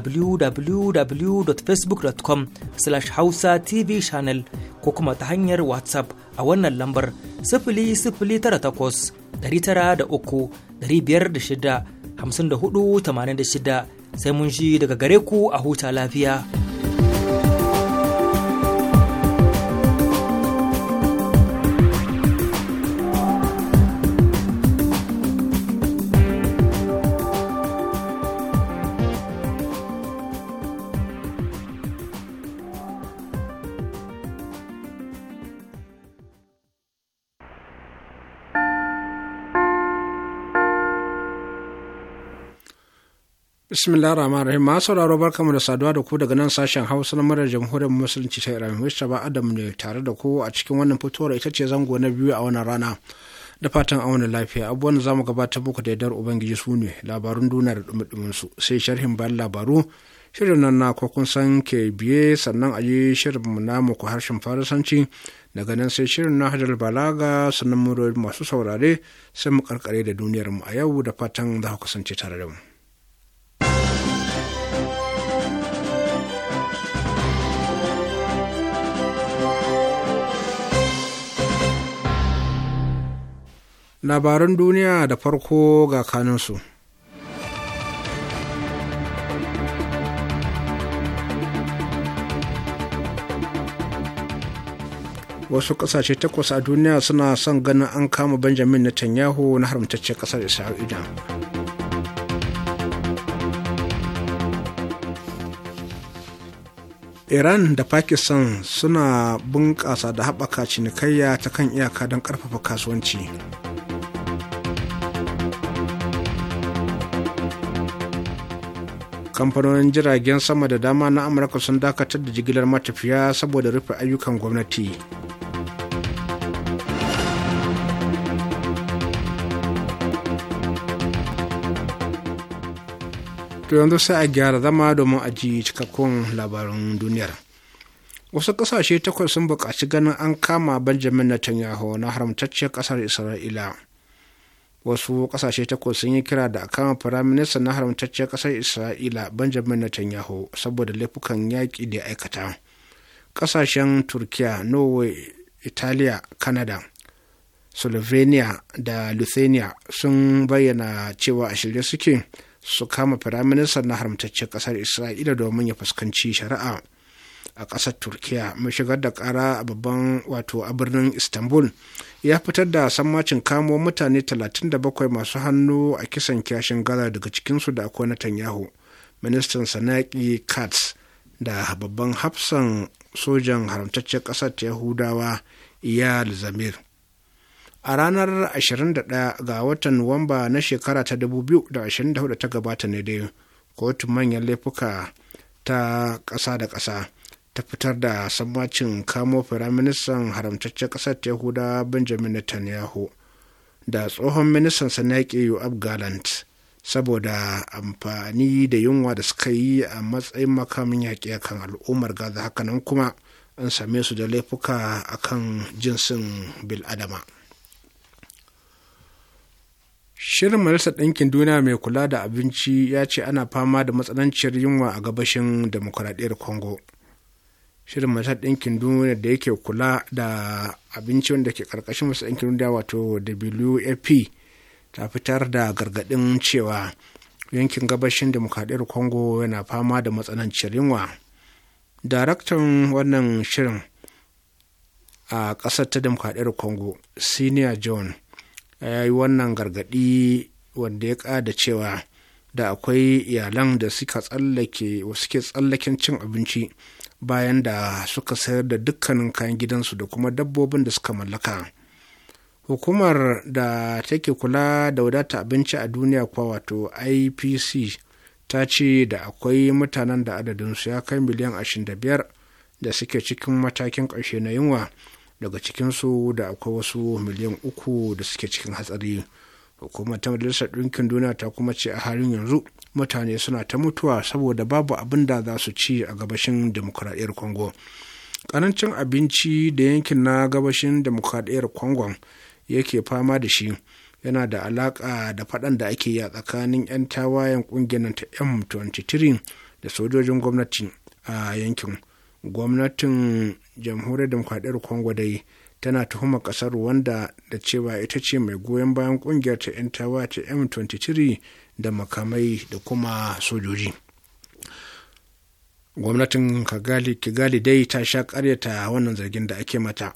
www.facebook.com slash hausa tv channel ko kuma ta hanyar whatsapp a wannan lambar sifili sifili da takwas tara uku shida hamsin da hudu sai mun ji daga gare ku a huta lafiya. bismillah rahman rahim masu sauraro barkamu da saduwa da ku daga nan sashen hausa na murar jamhuriyar musulunci ta iran mista ba adam ne tare da ku a cikin wannan fitowar ita ce zango na biyu a wannan rana da fatan auna lafiya abubuwan za mu gabatar muku da yardar ubangiji su ne labarun duniya da dumudumin su sai sharhin bayan labaru shirin nan na ko kun san ke biye sannan a yi shirin mu na muku harshen faransanci daga nan sai shirin na hajar balaga sannan murorin masu saurare sai mu karkare da duniyar mu a yau da fatan za ku kasance tare da mu. labaran duniya da farko ga kanunsu. wasu ƙasashe takwas a duniya suna son ganin an kama benjamin netanyahu na haramtaccen ƙasar isra'ila iran da pakistan suna bunƙasa da haɓaka cinikayya ta kan iyaka don ƙarfafa kasuwanci kamfanonin jiragen sama da dama na amurka sun dakatar da jigilar matafiya saboda rufe ayyukan gwamnati to yanzu sai a gyara zama domin a ji cikakkun labarin duniyar wasu ƙasashe takwas sun buƙaci ganin an kama benjamin netanyahu na haramtacciyar ƙasar isra'ila wasu kasashe takwas sun yi kira da kama firaminista na haramtacciyar kasar isra'ila benjamin netanyahu saboda laifukan yaƙi da aikata kasashen turkiya norway italiya canada slovenia da lithuania sun bayyana cewa a shirye suke su kama firaministan na haramtaccen kasar isra'ila domin ya fuskanci shari'a a kasar turkiya mai shigar da kara a babban wato a birnin istanbul ya fitar da sammacin kamo mutane 37 masu hannu a kisan kyashin gaza daga cikinsu da akwai Netanyahu, ministan sanaki Katz da babban hafsan sojan haramtaccen ƙasar ta Yahudawa Iyal Zamir. A ranar 21 ga watan Nuwamba na shekara ta 2024 ta gabata ne dai kotun manyan laifuka ta ƙasa da ƙasa. ta fitar da sammacin kamo firaministan haramtaccen ƙasar yahuda benjamin netanyahu da tsohon ministan sanaki yu'ab gallant saboda amfani da yunwa da suka yi a matsayin makamin yaƙi kan al'ummar gaza hakanan kuma an same su da laifuka a kan jinsin bil'adama shirin majalisar ɗinkin duniya mai kula da abinci ya ce ana fama da matsananciyar yunwa a gabashin demokuraɗiyar congo shirin majalisar ɗinkin duniya da yake kula da abinci wanda ke ƙarƙashin masu ɗinkin duniya wato wfp ta fitar da gargaɗin cewa yankin gabashin demokradiyyar congo yana fama da matsananciyar yunwa daraktan wannan shirin a ƙasar ta demokradiyyar congo senior john ya yi wannan gargaɗi wanda ya ƙada cewa da akwai iyalan da suka suke tsallaken cin abinci bayan da suka sayar da dukkanin kayan gidansu da kuma dabbobin da suka mallaka hukumar da take kula da wadata abinci a duniya kuwa wato ipc ta ce da akwai mutanen da adadinsu ya kai miliyan 25 da suke cikin matakin ƙarshe na yunwa daga cikinsu da akwai wasu miliyan uku da suke cikin hatsari hukumar ta majalisar ɗinkin duniya ta kuma ce a halin yanzu mutane suna ta mutuwa saboda babu abin da za su ci a gabashin demokuraɗiyar congo ƙarancin abinci da yankin na gabashin demokuraɗiyar congo yake fama da shi yana da alaƙa da faɗan da ake yi a tsakanin 'yan tawayen ƙungiyar ta m23 da sojojin gwamnati a yankin gwamnatin jamhuriyar demokuraɗiyar congo dai tana tuhumar ƙasar wanda da cewa ita ce mai goyon bayan ƙungiyar ta 'yan tawaye ta m23 da makamai da kuma sojoji gwamnatin kigali dai ta sha karyata wannan zargin da ake mata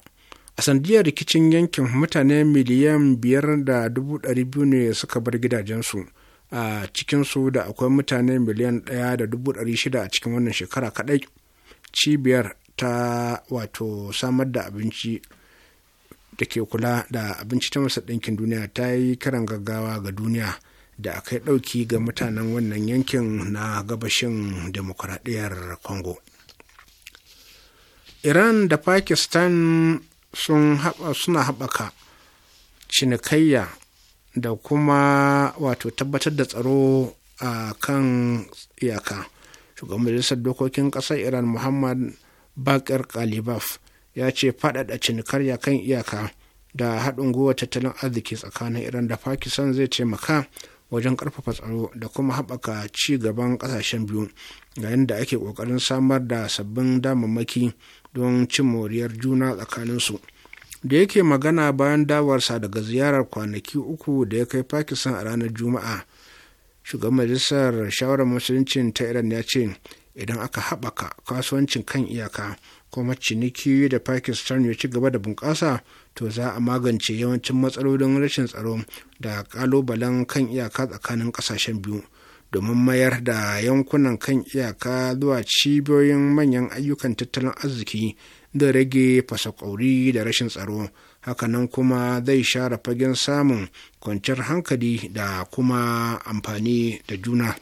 a sandiyar rikicin yankin mutane miliyan biyar da dubu ɗari biyu ne suka bar gidajensu a cikinsu da akwai mutane miliyan ɗaya da dubu ɗari shida a cikin wannan shekara kaɗai cibiyar ta wato samar da abinci da ke kula da abinci ta masa ɗinkin duniya ta yi kiran gaggawa ga duniya da aka yi ɗauki ga mutanen wannan yankin na gabashin demokuraɗiyar congo iran da pakistan sun haba, suna haɓaka cinikayya da kuma wato tabbatar da tsaro a kan iyaka shugaban majalisar dokokin ƙasar iran muhammad bakir kalibaf ya ce faɗaɗa cinikayya kan iyaka da haɗin gwiwa tattalin arziki tsakanin iran da pakistan zai taimaka wajen ƙarfafa tsaro da kuma haɓaka ci gaban ƙasashen biyu yayin da ake ƙoƙarin samar da sabbin damammaki don cin moriyar juna tsakaninsu da yake magana bayan dawarsa daga ziyarar kwanaki uku da ya kai pakistan a ranar juma'a shugaban majalisar shawarar musuluncin ta iran ya ce idan aka haɓaka kasuwancin kan iyaka kuma ciniki da pakistan ya ci gaba da bunƙasa to za a magance yawancin matsalolin rashin tsaro da kalubalen kan iyaka tsakanin kasashen biyu domin mayar da yankunan kan iyaka zuwa cibiyoyin manyan ayyukan tattalin arziki da rage fasakwauri da rashin tsaro hakanan kuma zai share fagen samun kwanciyar hankali da kuma amfani da juna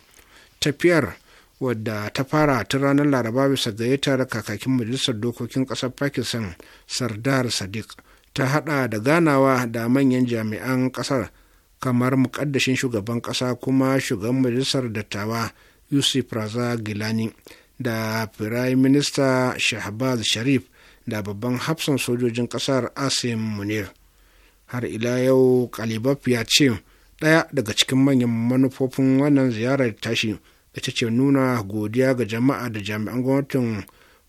tafiyar wadda ta fara ta ranar laraba bisa gayyatar kakakin majalisar dokokin ƙasar pakistan sardar sadiq ta hada da ganawa da manyan jami'an kasar kamar muƙaddashin shugaban kasa kuma shugaban majalisar dattawa yusuf raza gilani da firayim minista shahbaz sharif da babban hafsan sojojin kasar asim munir har ila yau kalibaf ya ce ɗaya daga cikin manyan manufofin wannan ziyarar tashi ita ce nuna godiya ga jama'a da jami'an gwamnatin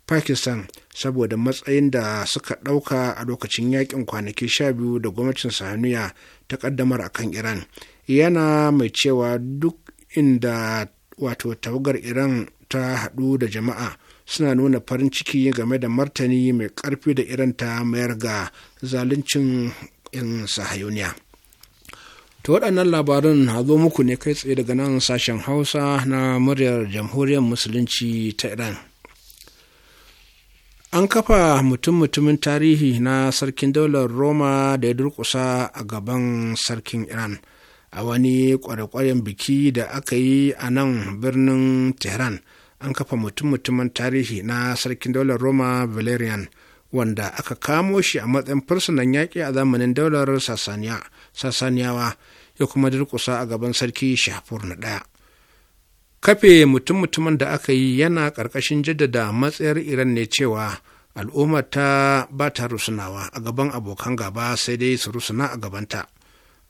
pakistan saboda matsayin da suka ɗauka a lokacin yakin kwanaki sha biyu da gwamnatin sahaniya ta ƙaddamar a kan iran yana mai cewa duk inda wato tawagar iran ta haɗu da jama'a suna nuna farin ciki game da martani mai ƙarfi da iran ta mayar ga zaluncin 'yan sahayuniya To waɗannan labarin a zo muku ne kai tsaye daga nan sashen Hausa na muryar Jamhuriyar Musulunci ta Iran. an kafa mutum-mutumin tarihi na sarkin daular roma da ya durkusa a gaban sarkin iran a wani kwarekwaren biki da aka yi a nan birnin tehran an kafa mutum-mutumin tarihi na sarkin daular roma valerian wanda aka kamo shi a matsayin fursunan yaƙi a zamanin daular sasaniyawa ya kuma durkusa a gaban sarki shafur na ɗaya kafe mutum-mutumin da aka yi yana ƙarƙashin jaddada matsayar iran ne cewa al'ummar ta ba ta rusunawa a gaban abokan gaba sai dai su rusuna a gabanta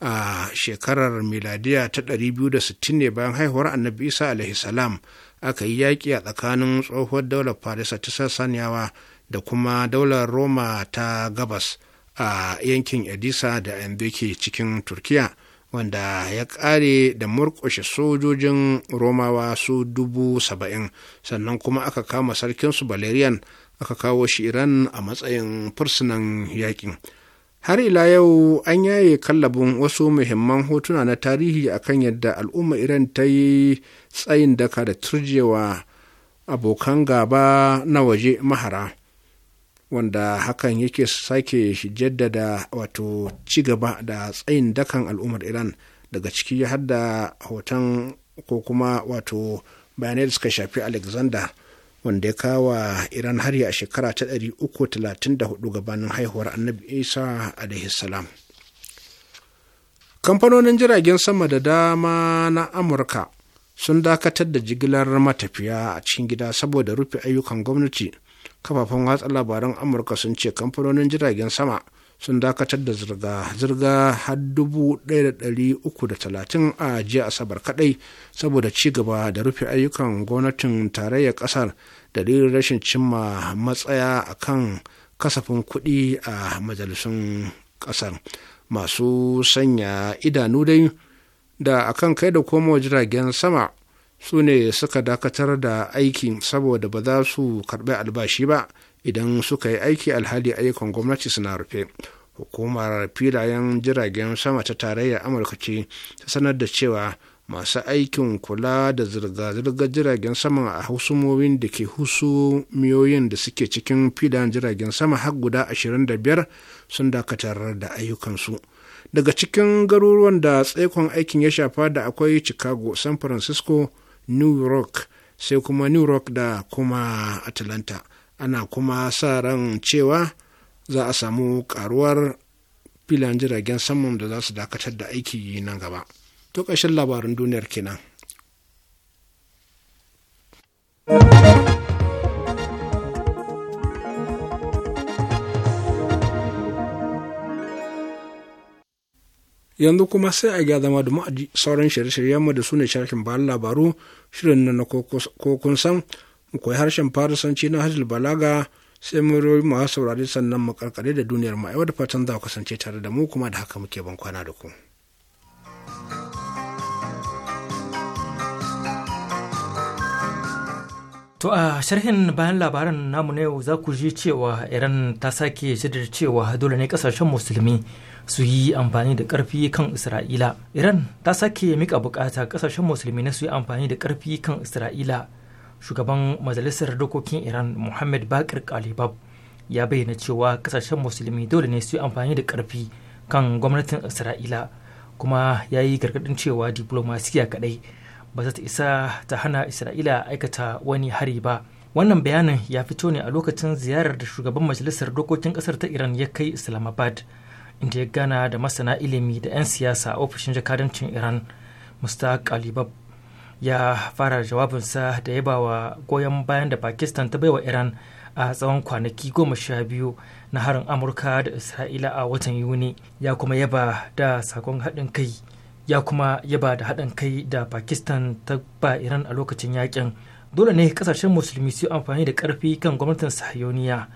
a shekarar miladiya ta 260 ne bayan haihuwar annabi isa alaihi salam aka yi yaƙi a tsakanin tsohuwar daular farisa ta sassaniyawa da kuma daular roma ta gabas a yankin edisa da yanzu ke cikin turkiya wanda ya kare da murƙushe sojojin romawa su dubu saba'in sannan kuma aka kama sarkinsu Baleriyan aka kawo shi iran a matsayin fursunan yakin har ila yau an yaye kallabin wasu muhimman hotuna na tarihi akan yadda al'umma iran ta yi tsayin daka da turjewa abokan gaba na waje mahara wanda hakan yake sake jaddada wato ci gaba da tsayin dakan al'ummar iran daga ciki ya hoton ko kuma wato bayanai da suka shafi alexander wanda ya kawa iran har a shekara ta 334 gabanin haihuwar annabi isa alaihi salam kamfanonin jiragen sama da dama na amurka sun dakatar da jigilar matafiya a cikin gida saboda rufe ayyukan gwamnati kafafen watsa labaran amurka sun ce kamfanonin jiragen sama sun dakatar da zirga-zirga har talatin a jiya asabar kadai saboda ci gaba da rufe ayyukan gwamnatin tarayyar kasar dalilin rashin cimma matsaya a kan kasafin kuɗi a majalisun kasar masu sanya idanu dai da akan kai da komo jiragen sama su ne suka dakatar da aiki saboda ba za su karbi albashi ba idan suka yi aiki alhali ayyukan gwamnati suna rufe hukumar filayen jiragen sama ta tarayyar amurka ce ta sanar da cewa masu aikin kula da zirga-zirgar jiragen sama a hausumomin da ke husumiyoyin da suke cikin filayen jiragen sama har guda 25 sun dakatar da ayyukansu. daga cikin garuruwan da tsaikon aikin ya shafa da akwai chicago san francisco new york sai kuma new york da kuma atlanta ana kuma sa ran cewa za a samu karuwar filan jiragen saman da za su dakatar da aiki nan gaba to ƙarshen labarin duniyar kenan. yanzu kuma sai a gyara zama da ma'aji sauran shirye-shiryenmu da su ne sharhin bayan labaru shirin na kun san mu koyi harshen farisanci na hajjul balaga sai mu royi masu saurari sannan mu karkare da duniyar mu yau da fatan za ku kasance tare da mu kuma da haka muke ban kwana da ku. To a sharhin bayan labaran namu na yau za ku ji cewa Iran ta sake shaidar cewa dole ne kasashen musulmi su yi amfani da ƙarfi kan isra'ila iran ta sake mika bukata ƙasashen musulmi na su yi amfani da ƙarfi kan isra'ila shugaban majalisar dokokin iran muhammad bakir kalibab ya bayyana cewa ƙasashen musulmi dole ne su yi amfani da ƙarfi kan gwamnatin isra'ila kuma ya yi gargaɗin cewa diplomasiya kaɗai ba za ta isa ta hana isra'ila aikata wani hari ba wannan bayanin ya fito ne a lokacin ziyarar da shugaban majalisar dokokin ƙasar ta iran ya kai islamabad inda ya gana da masana ilimi da 'yan siyasa a ofishin jakadancin iran mustaq alibab ya fara jawabinsa da yaba wa goyon bayan da pakistan ta baiwa iran a tsawon kwanaki goma sha biyu na harin amurka da isra'ila a watan yuni ya kuma yaba da sakon haɗin kai ya kuma yaba da haɗin kai da pakistan ta ba iran a lokacin yakin dole ne kasashen musulmi su amfani da ƙarfi kan gwamnatin sahiyoniya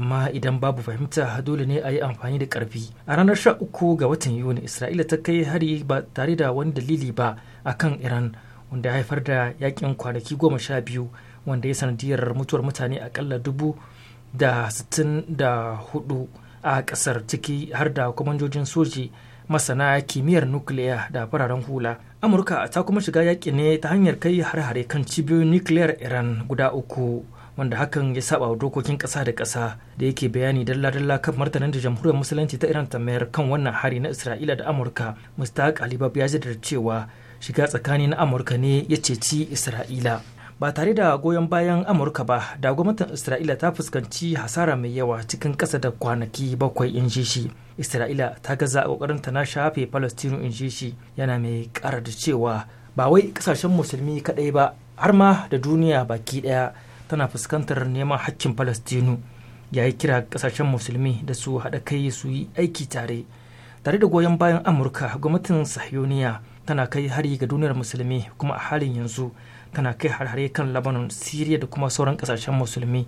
amma idan babu fahimta dole ne a yi amfani da karfi a ranar sha uku ga watan yuni isra'ila ta kai hari ba tare da wani dalili ba a kan iran wanda ya haifar da yakin kwanaki goma sha biyu wanda ya sanadiyar mutuwar mutane akalla dubu da sittin da hudu a kasar ciki har da kwamanjojin soji masana kimiyyar nukiliya da fararen hula amurka ta kuma shiga yaƙi ne ta hanyar kai har-hare kan cibiyoyin nukiliyar iran guda uku wanda hakan ya saba wa dokokin ƙasa da ƙasa da yake bayani dalla-dalla kan martanin da jamhuriyar musulunci ta iran ta mayar kan wannan hari na isra'ila da amurka mustaq alibab ya jaddada cewa shiga tsakani na amurka ne ya ceci isra'ila ba tare da goyon bayan amurka ba da gwamnatin isra'ila ta fuskanci hasara mai yawa cikin ƙasa da kwanaki bakwai in ji shi isra'ila ta gaza ƙoƙarin ta na shafe palestino in ji shi yana mai ƙara da cewa ba wai ƙasashen musulmi kaɗai ba har ma da duniya baki ɗaya tana fuskantar neman hakkin falastinu ya yi kira kasashen musulmi da su haɗa kai su yi aiki tare tare da goyon bayan amurka gwamnatin sahiyoniya tana kai hari ga duniyar musulmi kuma a halin yanzu tana kai harhare kan labanon siriya da kuma sauran kasashen musulmi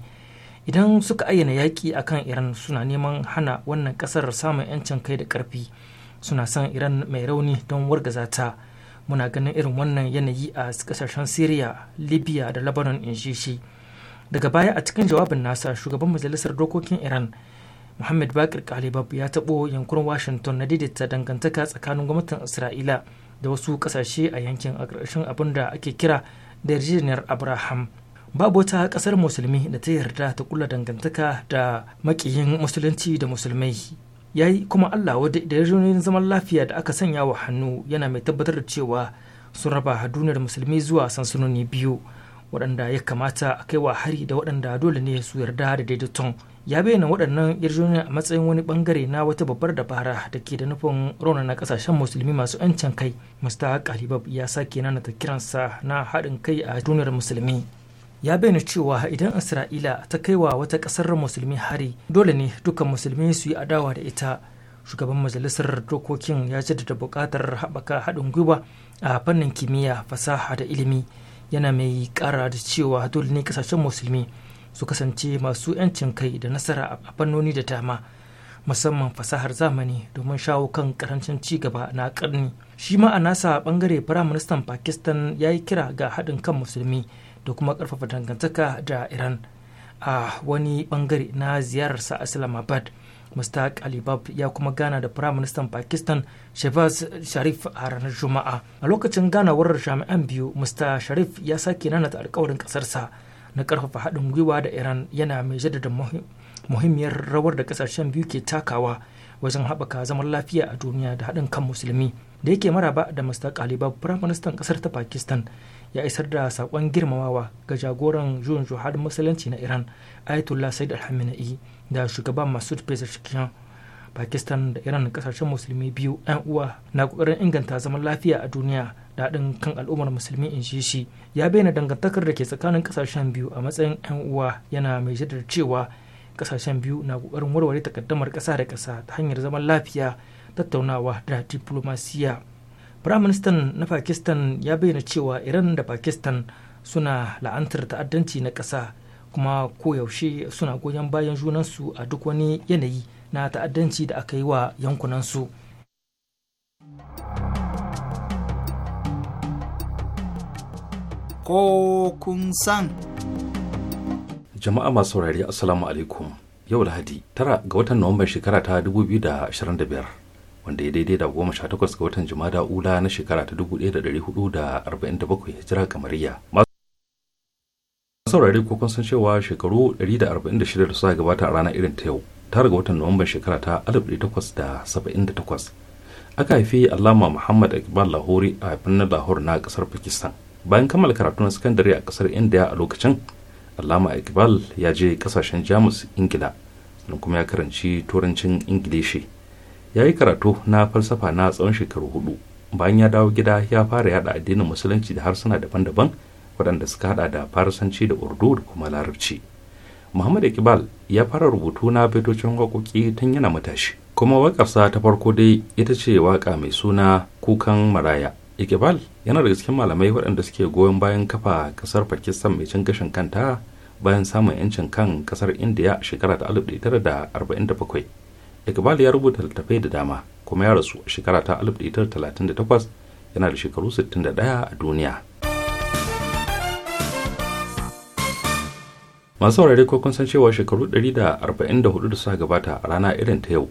idan suka ayyana yaƙi a kan iran suna neman hana wannan ƙasar samun 'yancin kai da ƙarfi suna son iran mai rauni don wargaza ta muna ganin irin wannan yanayi a kasashen syria libya da lebanon in shi daga baya a cikin jawabin nasa shugaban majalisar dokokin iran muhammad bakir kalibab ya tabo yankunan washington na daidaita dangantaka tsakanin gwamnatin isra'ila da wasu kasashe a yankin a ƙarshen abin da ake kira da yarjejeniyar abraham babu wata ƙasar musulmi da ta yarda ta kula dangantaka da makiyin musulunci da musulmai ya yi kuma allah wadda da yarjejeniyar zaman lafiya da aka sanya wa hannu yana mai tabbatar da cewa sun raba duniyar musulmi zuwa sansanoni biyu waɗanda ya kamata a kaiwa hari da waɗanda dole ne su yarda da daidaiton ya bayyana waɗannan yarjejeniya a matsayin wani bangare na wata babbar dabara da ke da nufin na ƙasashen musulmi masu 'yancin kai musta kalibab ya sake nana ta kiransa na haɗin kai a duniyar musulmi ya bayyana cewa idan isra'ila ta kaiwa wata ƙasar musulmi hari dole ne dukkan musulmi su yi adawa da ita shugaban majalisar dokokin ya jaddada buƙatar haɓaka haɗin gwiwa a fannin kimiyya fasaha da ilimi yana mai kara da cewa dole ne kasashen musulmi su kasance masu 'yancin kai da nasara a fannoni da dama musamman fasahar zamani domin shawo kan karancin ci gaba na karni shi ma a nasa bangare firaministan pakistan ya yi kira ga haɗin kan musulmi da kuma ƙarfafa dangantaka da iran a wani bangare na ziyararsa a islamabad mustaq alibab ya kuma gana da prime minister pakistan shehbaz sharif a ranar juma'a a lokacin ganawar jami'an biyu mr sharif ya sake nanata alkawarin kasarsa na karfafa haɗin gwiwa da iran yana mai jaddada muhimmiyar rawar da kasashen biyu ke takawa wajen haɓaka zaman lafiya a duniya da haɗin kan musulmi da yake maraba da mr alibab prime minister kasar ta pakistan ya isar da saƙon girmamawa ga jagoran juhun juhad musulunci na iran ayatollah said alhamina'i da shugaban masud pezeshkian pakistan da iran kasashen musulmi biyu yan uwa na kokarin inganta zaman lafiya a duniya da daɗin kan al'ummar musulmi in shi shi ya bayyana dangantakar da ke tsakanin kasashen biyu a matsayin yan uwa yana mai jaddada cewa kasashen biyu na kokarin warware takaddamar ƙasa da kasa ta hanyar zaman lafiya tattaunawa da diplomasiya firaministan na pakistan ya bayyana cewa iran da pakistan suna la'antar ta'addanci na ƙasa kuma koyaushe suna goyon bayan junansu a duk wani yanayi na ta'addanci da aka yi wa yankunansu ko kun san jama'a masu saurari assalamu alaikum yau lahadi tara ga watan nuwamban shekara ta 2025 wanda ya daidai da goma sha takwas ga watan jumada ula na shekara ta 1447 hijira kamariya saurari ko kun san cewa shekaru 146 da suka gabata a rana irin ta yau tara ga watan nuwamban shekara ta 1878 aka haifi alama muhammad akibar lahori a birnin lahore na kasar pakistan bayan kammala karatu na sakandare a kasar india a lokacin alama akibar ya je kasashen jamus ingila sannan kuma ya karanci turancin ingilishi ya yi karatu na falsafa na tsawon shekaru hudu bayan ya dawo gida ya fara yada addinin musulunci da harsuna daban-daban waɗanda suka hada da Faransanci da urdu da kuma larabci muhammad iqbal ya fara rubutu na fitocin waƙoƙi tun yana matashi kuma waƙarsa ta farko dai ita ce waƙa mai suna kukan maraya iqbal yana daga cikin malamai waɗanda suke goyon bayan kafa ƙasar pakistan mai cin gashin kanta bayan samun 'yancin kan ƙasar indiya shekara ta 1947 iqbal ya rubuta littattafai da dama kuma ya rasu shekara ta 1938 yana da shekaru ɗaya a duniya. masu saurare ko kun san cewa shekaru 144 da suka gabata a rana irin ta yau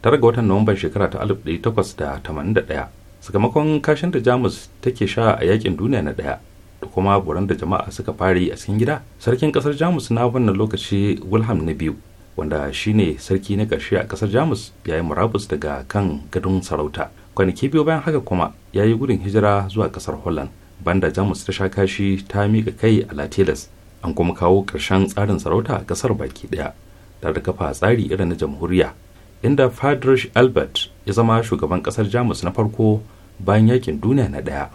tare ga watan nuwamban shekara ta 1881 sakamakon kashin da jamus take sha a yakin duniya na daya da kuma buran da jama'a suka fara yi a cikin gida sarkin kasar jamus na wannan lokaci wilhelm na biyu wanda shine sarki na karshe a kasar jamus ya yi murabus daga kan gadon sarauta kwanaki biyu bayan haka kuma ya yi gudun hijira zuwa kasar holland banda jamus ta sha kashi ta miƙa kai a latilas an kuma kawo karshen tsarin sarauta a ƙasar baki ɗaya tare da kafa tsari irin na jamhuriya inda fadrish albert ya zama shugaban ƙasar jamus na farko bayan yakin duniya na ɗaya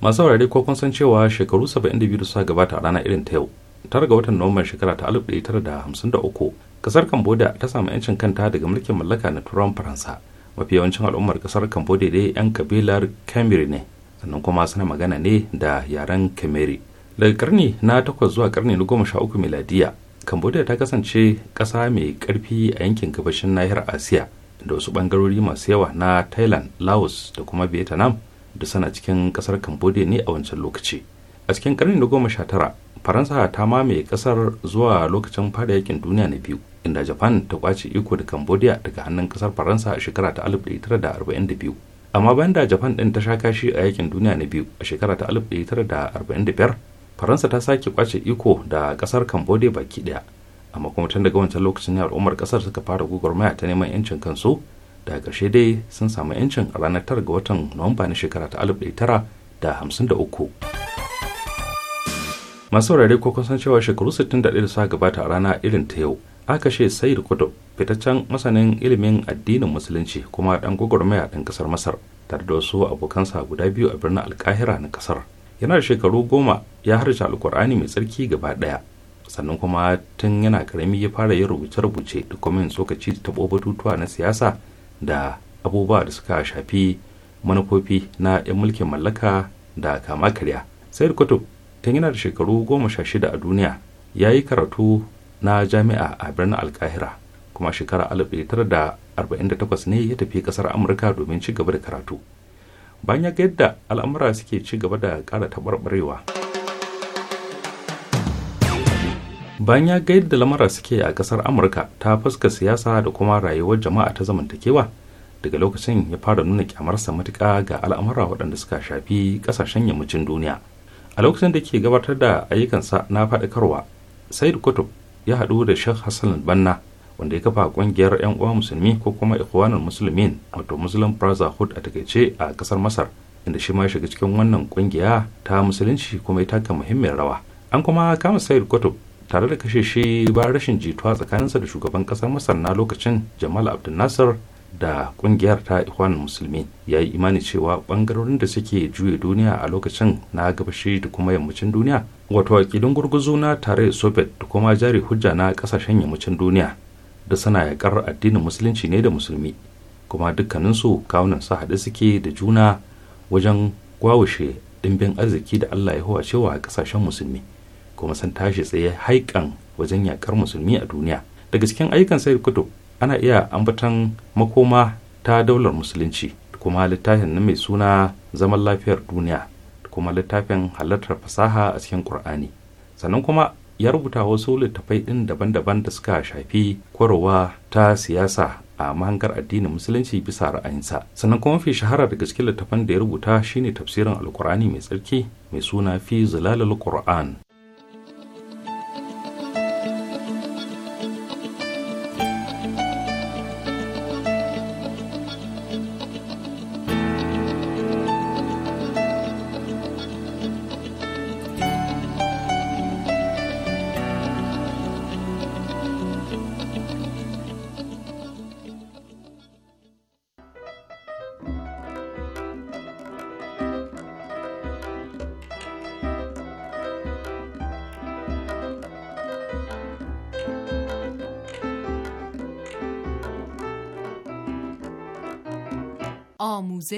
masu saurare ko kun san cewa shekaru 72 da suka gabata a rana irin ta yau tare ga watan nuwamban shekara ta 1953 kasar cambodia ta samu 'yancin kanta daga mulkin mallaka na turan faransa mafi yawancin al'ummar kasar cambodia dai 'yan kabilar camry ne sannan kuma suna magana ne da yaren kameri daga karni na takwas zuwa karni na goma sha uku miladiya cambodia ta kasance ƙasa mai karfi a yankin gabashin nahiyar asiya da wasu bangarori masu yawa na thailand laos da kuma vietnam da sana cikin kasar cambodia ne a wancan lokaci a cikin karni na goma sha tara faransa ta mamaye ƙasar zuwa lokacin fada yakin duniya na biyu inda japan ta kwace iko da cambodia daga hannun ƙasar faransa a shekara ta 1942 amma bayan da japan din ta sha kashi a yakin duniya na biyu a shekara ta 1945 faransa ta sake kwace iko da kasar cambodia baki daya amma kuma tun daga wancan lokacin ne al'ummar kasar suka fara gugurmaya ta neman 'yancin kansu da karshe dai sun samu 'yancin a ranar 9 ga watan nuwamba na shekara ta 1953 masu saurari ko kusan shekaru cewa shekaru 61 da suka gabata a rana irin ta yau kashe sayid kudu fitaccen masanin ilimin addinin musulunci kuma dan gwagwarmaya ɗan ƙasar masar tare da wasu abokansa guda biyu a birnin alkahira na kasar. yana da shekaru goma ya harshe alkur'ani mai tsarki gaba ɗaya sannan kuma tun yana karami ya fara yin rubuce-rubuce da kuma yin tsokaci da taɓo batutuwa na siyasa da abubuwa da suka shafi manufofi na 'yan mulkin mallaka da kama karya sayid kutub tun yana da shekaru goma sha shida a duniya ya yi karatu na jami'a a birnin alkahira kuma shekara 1948 ne ya tafi kasar amurka domin ci gaba da karatu bayan ya ga yadda al'amura suke ci gaba da ƙara taɓarɓarewa bayan ya ga yadda lamara suke a ƙasar amurka ta fuska siyasa da kuma rayuwar jama'a ta zamantakewa daga lokacin ya fara nuna kyamarsa matuƙa ga al'amura waɗanda suka shafi ƙasashen yammacin duniya a lokacin da ke gabatar da ayyukansa na faɗakarwa said kutub ya haɗu da Sheikh Hassan Banna wanda ya kafa ƙungiyar 'yan uwa musulmi ko kuma ikhwanul muslimin wato muslim brotherhood a takaice a ƙasar masar inda shi ma ya shiga cikin wannan ƙungiya ta musulunci kuma ya taka muhimmiyar rawa an kuma kama sayid kwatub tare da kashe shi bayan rashin jituwa tsakaninsa da shugaban ƙasar masar na lokacin jamal abdul nasir da kungiyar ta ikwan musulmi ya yi imani cewa bangarorin da suke juya duniya a lokacin na gabashi da kuma yammacin duniya wato wakilin gurguzu na tare soviet da kuma jari hujja na kasashen yammacin duniya da suna yakar addinin musulunci ne da musulmi kuma dukkaninsu kawunan su haɗe suke da juna wajen gwawashe ɗimbin arziki da allah ya huwa cewa kasashen musulmi kuma sun tashi tsaye haikan wajen yakar musulmi a duniya daga cikin ayyukan sai kutub ana iya ambatan makoma ta daular musulunci kuma littafin na mai suna zaman lafiyar duniya kuma littafin halartar fasaha a cikin ƙur'ani sannan kuma ya rubuta wasu littafai ɗin daban-daban da suka shafi korowa ta siyasa a mahangar addinin musulunci bisa ra'ayinsa sannan kuma mafi shahara daga cikin littafan da ya rubuta shine tafsirin alkur'ani mai tsarki mai suna fi zilalul qur'an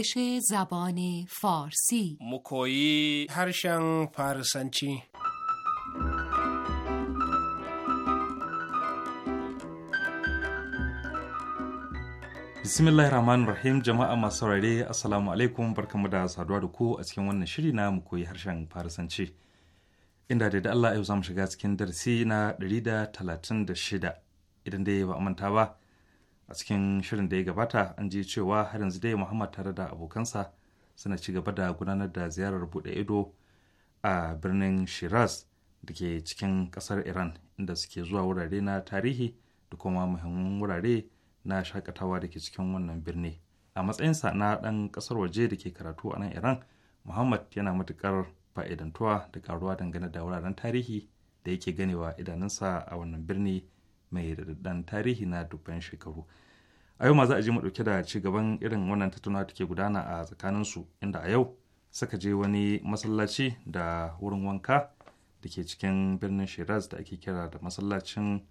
آموزش زبان فارسی مکویی هرشن فارسنچی bismillahir rahmanir rahim jama'a masu saurare assalamu alaikum barkamu da saduwa da ku a cikin wannan shiri na mu koyi harshen farisanci inda da Allah yau za mu shiga cikin darasi na 136 idan dai ba manta ba a cikin shirin da ya gabata an ji cewa har yanzu dai muhammad tare da abokansa suna ci gaba da gudanar da ziyarar bude ido a birnin shiraz da ke cikin kasar iran inda suke zuwa wurare na tarihi da kuma muhimman wurare na shakatawa da ke cikin wannan birni a matsayinsa na ɗan ƙasar waje da ke karatu a nan iran muhammad yana matuƙar fa'idantuwa da karuwa dangane da wuraren tarihi da yake ganewa idanunsa a wannan birni mai daɗaɗɗen tarihi na dubban shekaru a yau ma za a je mu ɗauke da ci gaban irin wannan tattaunawa take gudana a tsakanin su inda a yau suka je wani masallaci da wurin wanka da ke cikin birnin shiraz da ake kira da masallacin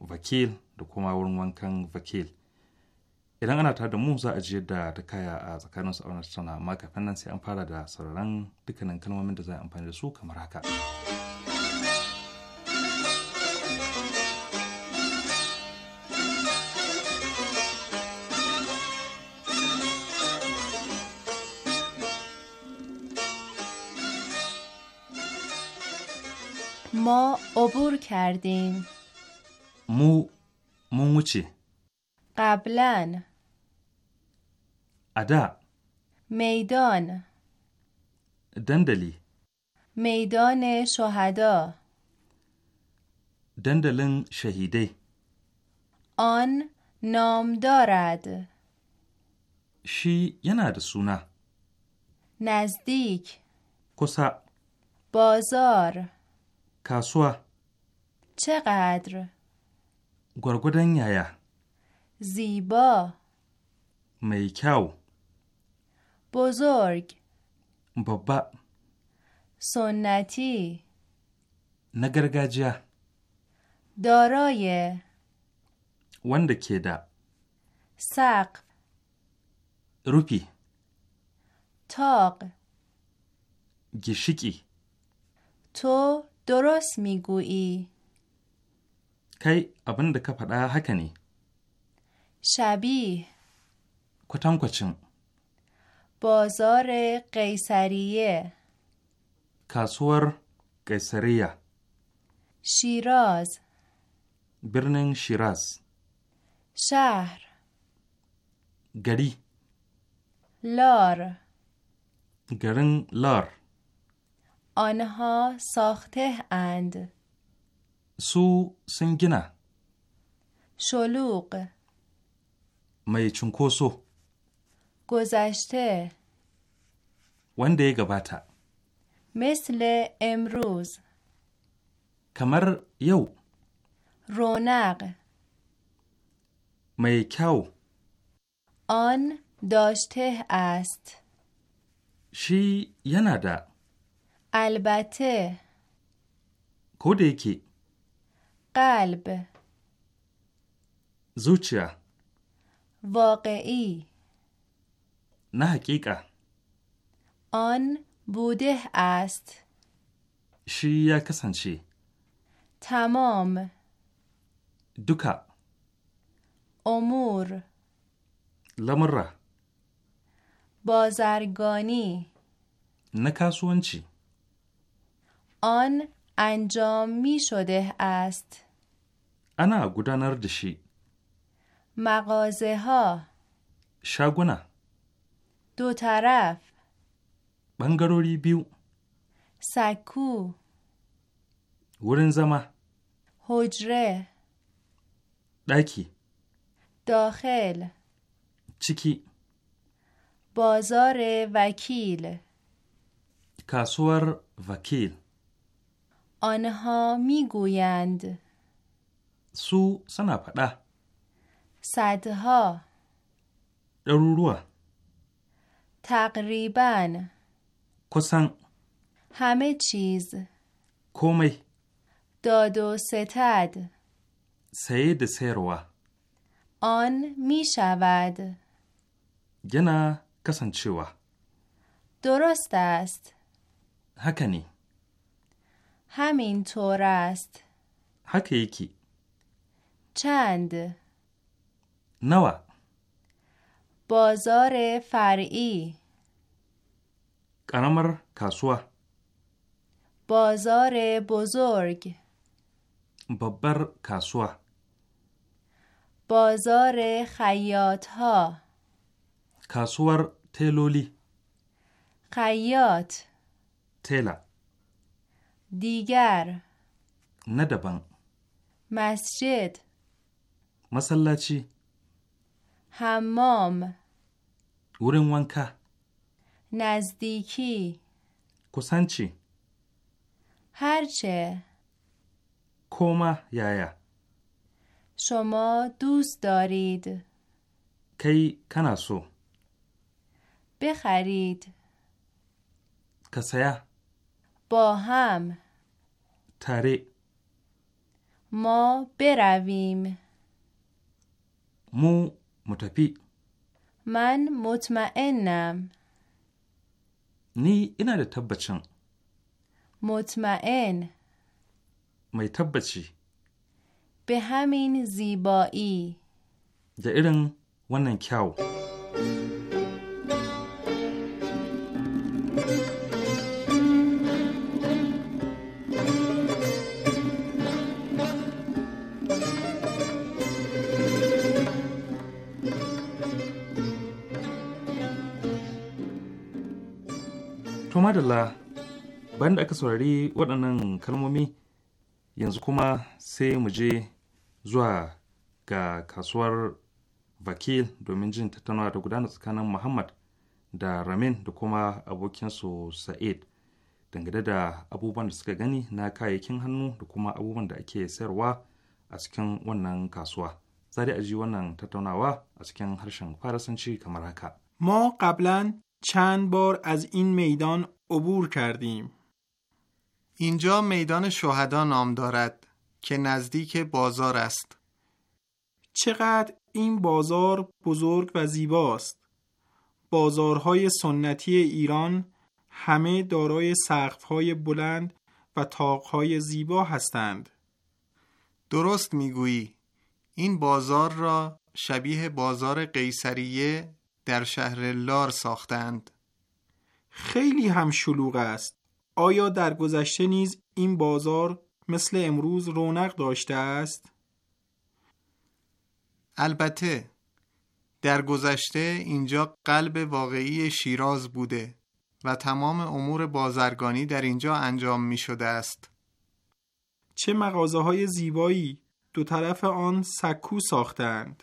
vakil da kuma wurin wankan vakil idan ana tare da mu za a ji yadda ta kaya a tsakanin su auna tattaunawa amma kafin nan sai an fara da sauraron dukkanin kalmomin da za a amfani da su kamar haka. ما عبور کردیم مو مو قبلا ادا میدان دندلی میدان شهدا دندلن شهیده آن نام دارد شی یه سونا نزدیک کسا بازار kasuwa ce kadir gwargwadon yaya ziba mai kyau bozorg babba sonati na gargajiya doroye wanda ke da sak rufi tok gishiki to درست میگویی kai abinda ka faɗa haka ne. Shabi. Kwatankwacin. Bazar Kaisariye. Kasuwar Kaisariya. Shiraz. Birnin Shiraz. Shahar. Gari. Lor. Garin Lor. آنها ساخته اند سو سنگینه شلوغ می کوسو گذشته ونده ی مثل امروز کمر یو رونق می کو آن داشته است شی یندا البته کودکی قلب زوچیا واقعی نه حقیقه آن بوده است شی یا تمام دوکا امور لمره بازرگانی نکاسوانچی آن انجام می شده است انا گودانر دشی مغازه ها شاگونا دو طرف بنگروری بیو سکو ورن زما حجره دکی داخل چیکی بازار وکیل کاسور وکیل آنها میگویند su suna faɗa. Sadha. ɗaruruwa. Takriban. Kusan. همه چیز komai Dodo setad. saye da sayarwa آن می شود yana kasancewa درست haka ne همین طور است حک یکی چند نوا بازار فرعی قرمر کاسوا بازار بزرگ ببر کاسوا بازار خیاط ها کاسور تلولی خیاط تلا دیگر نه دبن مسجد مسلاچی حمام ورین وانکا نزدیکی کسانچی هرچه کما یایا شما دوست دارید کی کناسو بخرید کسیا با هم تری ما برویم مو متفی من مطمئنم نی اینا ده تبچن مطمئن می تبچی به همین زیبایی Da irin ونن کیاو madalla bayan da aka saurari waɗannan kalmomi yanzu kuma sai mu je zuwa ga kasuwar vakil domin jin tattaunawa da gudana tsakanin muhammad da ramin da kuma abokinsu sa'id dangane da abubuwan da suka gani na kayayyakin hannu da kuma abubuwan da ake sayarwa a cikin wannan kasuwa za a ji wannan tattaunawa a cikin harshen farasanci kamar haka mo kablan چند بار از این میدان عبور کردیم اینجا میدان شهدا نام دارد که نزدیک بازار است چقدر این بازار بزرگ و زیباست بازارهای سنتی ایران همه دارای سقفهای بلند و تاقهای زیبا هستند درست میگویی این بازار را شبیه بازار قیصریه در شهر لار ساختند خیلی هم شلوغ است آیا در گذشته نیز این بازار مثل امروز رونق داشته است البته در گذشته اینجا قلب واقعی شیراز بوده و تمام امور بازرگانی در اینجا انجام می شده است چه مغازه های زیبایی دو طرف آن سکو ساختند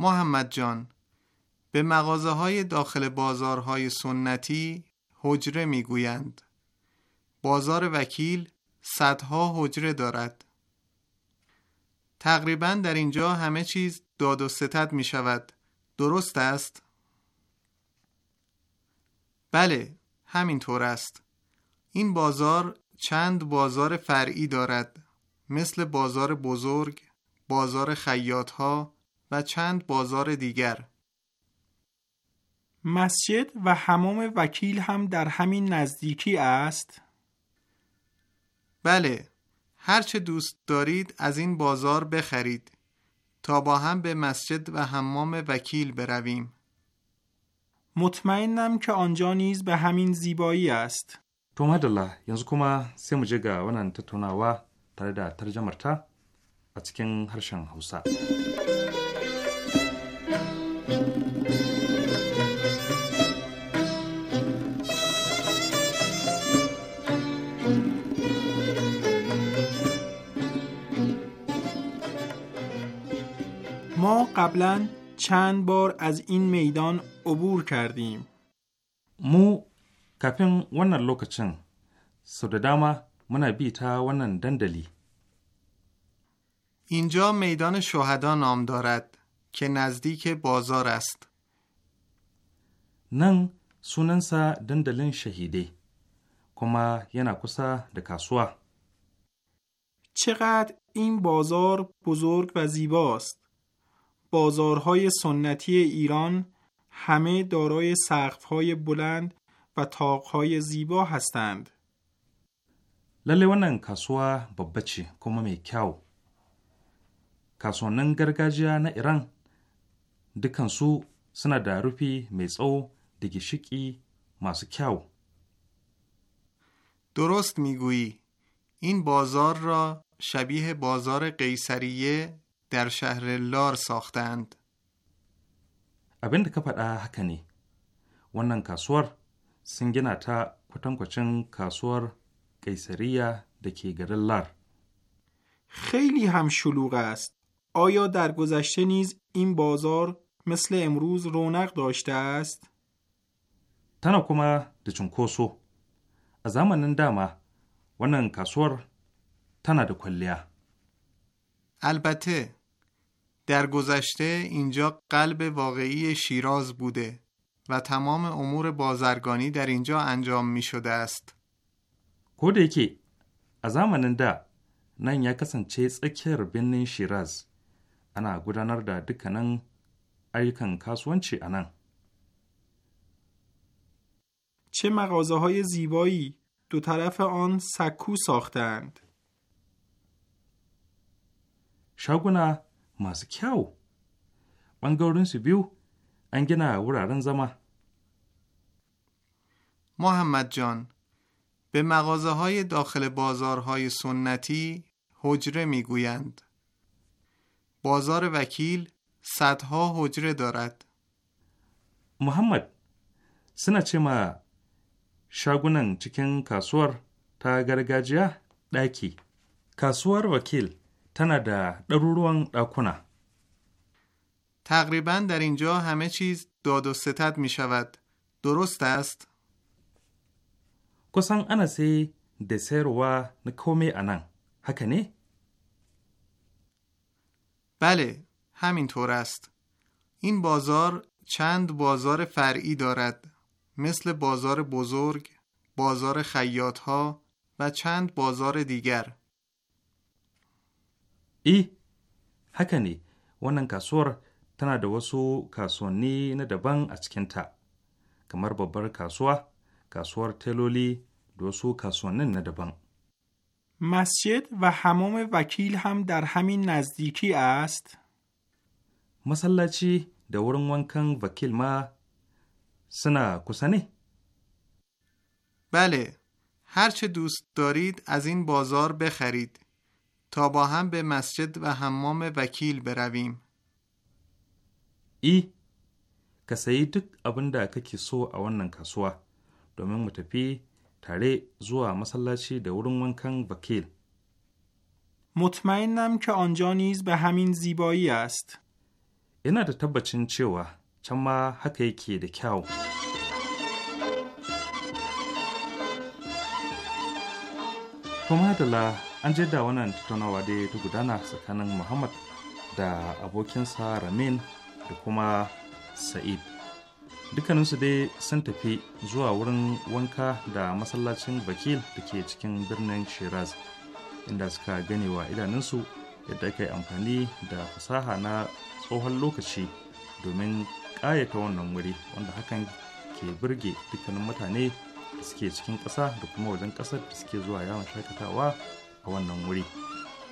محمد جان به مغازه های داخل بازارهای سنتی حجره میگویند. بازار وکیل صدها حجره دارد. تقریبا در اینجا همه چیز داد و ستد می شود. درست است؟ بله، همینطور است. این بازار چند بازار فرعی دارد مثل بازار بزرگ، بازار خیاط ها، و چند بازار دیگر مسجد و حمام وکیل هم در همین نزدیکی است؟ بله هرچه دوست دارید از این بازار بخرید تا با هم به مسجد و حمام وکیل برویم مطمئنم که آنجا نیز به همین زیبایی است تو الله یانزو کما سی و گا ونن تتوناوا تره دا ترجمه قبلا چند بار از این میدان عبور کردیم مو کپین ونن لوکچن سو da dama muna bi اینجا میدان شهدا نام دارد که نزدیک بازار است نن سوننسا دندلین شهیده کما ینا کوسا د کاسوا چقدر این بازار بزرگ و زیباست بازارهای سنتی ایران همه دارای سقف‌های بلند و تاقهای زیبا هستند. لاله نن کاسوا بچه کما می کیاو. کاسوا گرگاجیا نا ایران دکانسو سو سنا داروفی می دگی شکی ماس کیاو. درست میگویی این بازار را شبیه بازار قیصریه در شهر لار ساختند abin da ka faɗa haka ne wannan kasuwar sun gina ta kwatankwacin kasuwar kaisariya da ke garin lar خیلی هم شلوغ است آیا در گذشته نیز این بازار مثل امروز رونق داشته است tana kuma da cunkoso a zamanin dama wannan kasuwar tana da kwalliya البته در گذشته اینجا قلب واقعی شیراز بوده و تمام امور بازرگانی در اینجا انجام می شده است. که از زمان دا نن یا kasance tsakiyar بینن شیراز. انا gudanar دا dukkanin ایکن kasuwanci a چه مغازه های زیبایی دو طرف آن سکو ساختند. شاگونا masu kyau ɓangarorinsu biyu an gina wuraren zama محمد جان به مغازه های داخل بازارهای سنتی حجره میگویند. بازار وکیل صدها حجره دارد. محمد سنا چه ما شاگونن چکن کاسور تا گرگاجیه داکی کاسور وکیل تقریباً تقریبا در اینجا همه چیز داد و ستت می شود. درست است؟ کسان انا سی دسر و نکومی انان. هکنی؟ بله، همینطور است. این بازار چند بازار فرعی دارد. مثل بازار بزرگ، بازار خیاط ها و چند بازار دیگر. E, haka ne, wannan kasuwar tana da wasu kasuwanni na daban a cikinta, kamar babbar kasuwa, kasuwar teloli da wasu kasuwannin na daban. Masjid wa hamam wakil ham dar hamin nazdiki ast? Masallaci da wurin wankan wakil ma suna kusa ne? Bale har چه دوست دارید از این بازار تا با هم به مسجد و حمام وکیل برویم. ای ka sayi duk abin da kake so a wannan kasuwa domin mu tafi tare zuwa masallaci da wurin wankan bakil. مطمئنم که آنجا نیز به همین زیبایی است. ina da tabbacin cewa can ma haka yake da kyau. Kuma da an je da wannan tattaunawa dai ta gudana tsakanin muhammad da abokinsa ramin da kuma sa'id dukkaninsu dai sun tafi zuwa wurin wanka da masallacin bakil da ke cikin birnin shiraz inda suka gane wa idanunsu yadda aka yi amfani da fasaha na tsohon lokaci domin ƙayata wannan wuri wanda hakan ke birge dukkanin mutane da suke cikin ƙasa da kuma wajen ƙasar da suke zuwa yawon shakatawa a wannan wuri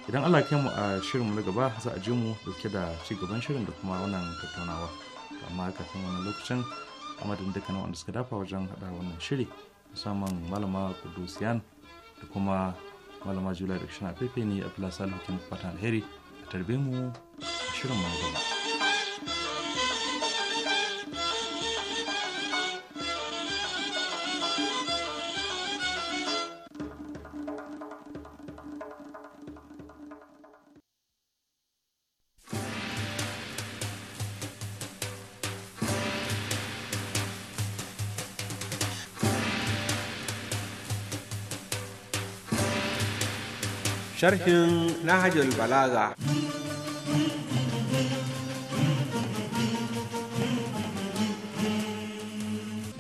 idan allah kai mu a shirinmu na gaba za a je mu dauke da ci gaban shirin da kuma wannan tattaunawa amma kafin wani lokacin a madadin dukkanin wanda suka dafa wajen haɗa wannan shiri musamman malama kudusiyan da kuma malama julia da shina fefe ne a filasa lokacin fatan alheri a tarbe mu a shirin magana. sharhin nahajul balaga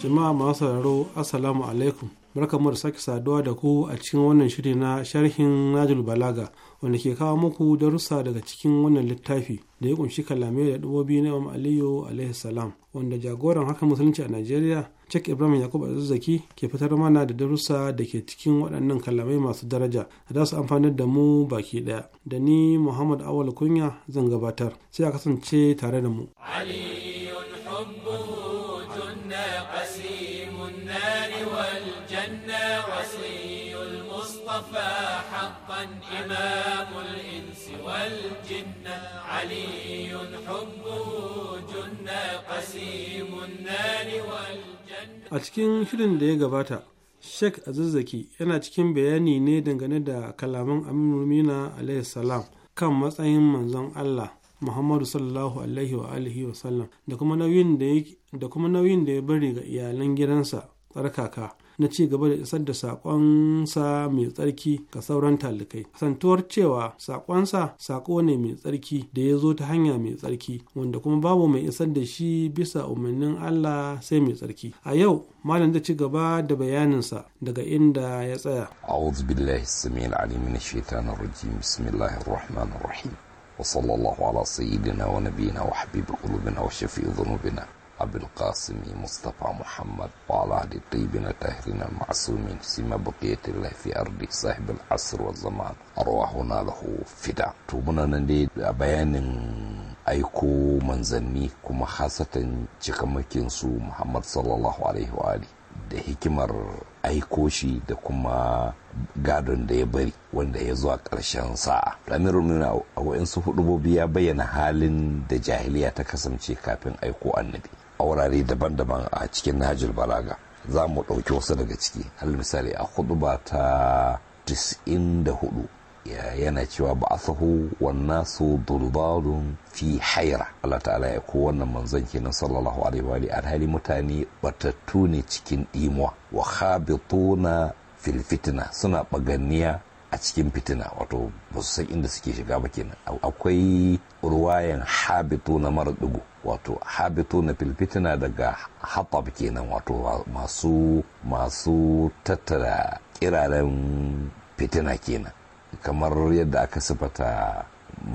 jama'a masu raro assalamu alaikum barkamu da sake saduwa da ku a cikin wannan shiri na sharhin najul balaga wanda ke kawo muku darussa daga cikin wannan littafi da ya kunshi kalamai da dubobi na imam aliyu alaihi salam wanda jagoran haka musulunci a najeriya cek ibrahim yakub azazzaki ke fitar mana da darussa da ke cikin waɗannan kalamai masu daraja da su amfanar da mu baki ɗaya da ni muhammad awal kunya zan gabatar sai a kasance tare da mu Ali إمام الإنس والجن علي قسيم النار والجنة a cikin shirin da ya gabata Sheikh Azizzaki yana cikin bayani ne dangane da kalaman Amina alaihi salam kan matsayin manzon Allah Muhammadu sallallahu alaihi wa alihi wa sallam da kuma nauyin da ya bari ga iyalan gidansa Sarkaka. na ci gaba da isar da saƙonsa mai tsarki ga sauran talikai santuwar cewa saƙonsa saƙo ne mai tsarki da ya zo ta hanya mai tsarki wanda kuma babu mai isar da shi bisa umarnin Allah sai mai tsarki a yau malam zai ci gaba da bayaninsa daga inda ya tsaya a'udhu billahi samil alim min shaitanir rajim bismillahir rahmanir rahim وصلى wa على wa ونبينا وحبيب أبي القاسم مصطفى محمد Sima طيبنا طاهرنا المعصومين سما بقية الله في أرض صاحب العصر والزمان ya له فدا تومنا a bayanin aiko manzanni kuma hasatan cikamakin su Muhammad sallallahu alaihi wa da hikimar aiko shi da kuma gadon da ya bari wanda ya zuwa ƙarshen sa'a. ramiru nuna a wa'insu hudubobi ya bayyana halin da jahiliya ta kasance kafin aiko annabi. a wurare daban-daban a cikin nahajul balaga za mu ɗauki wasu daga ciki hal misali a ba ta 94 yana cewa ba a sahu wannan su durbarun fi haira Allah ta'ala ya ko wannan manzon kenan sallallahu alaihi wa alihi alhali mutane batattu ne cikin dimuwa wa khabituna fil fitna suna baganniya a cikin fitina wato ba su san inda suke shiga ba kenan akwai ruwayan na mara dugu wato habito na filfitina daga habab kenan wato masu masu tattara kiraren fitina kenan kamar yadda aka sifata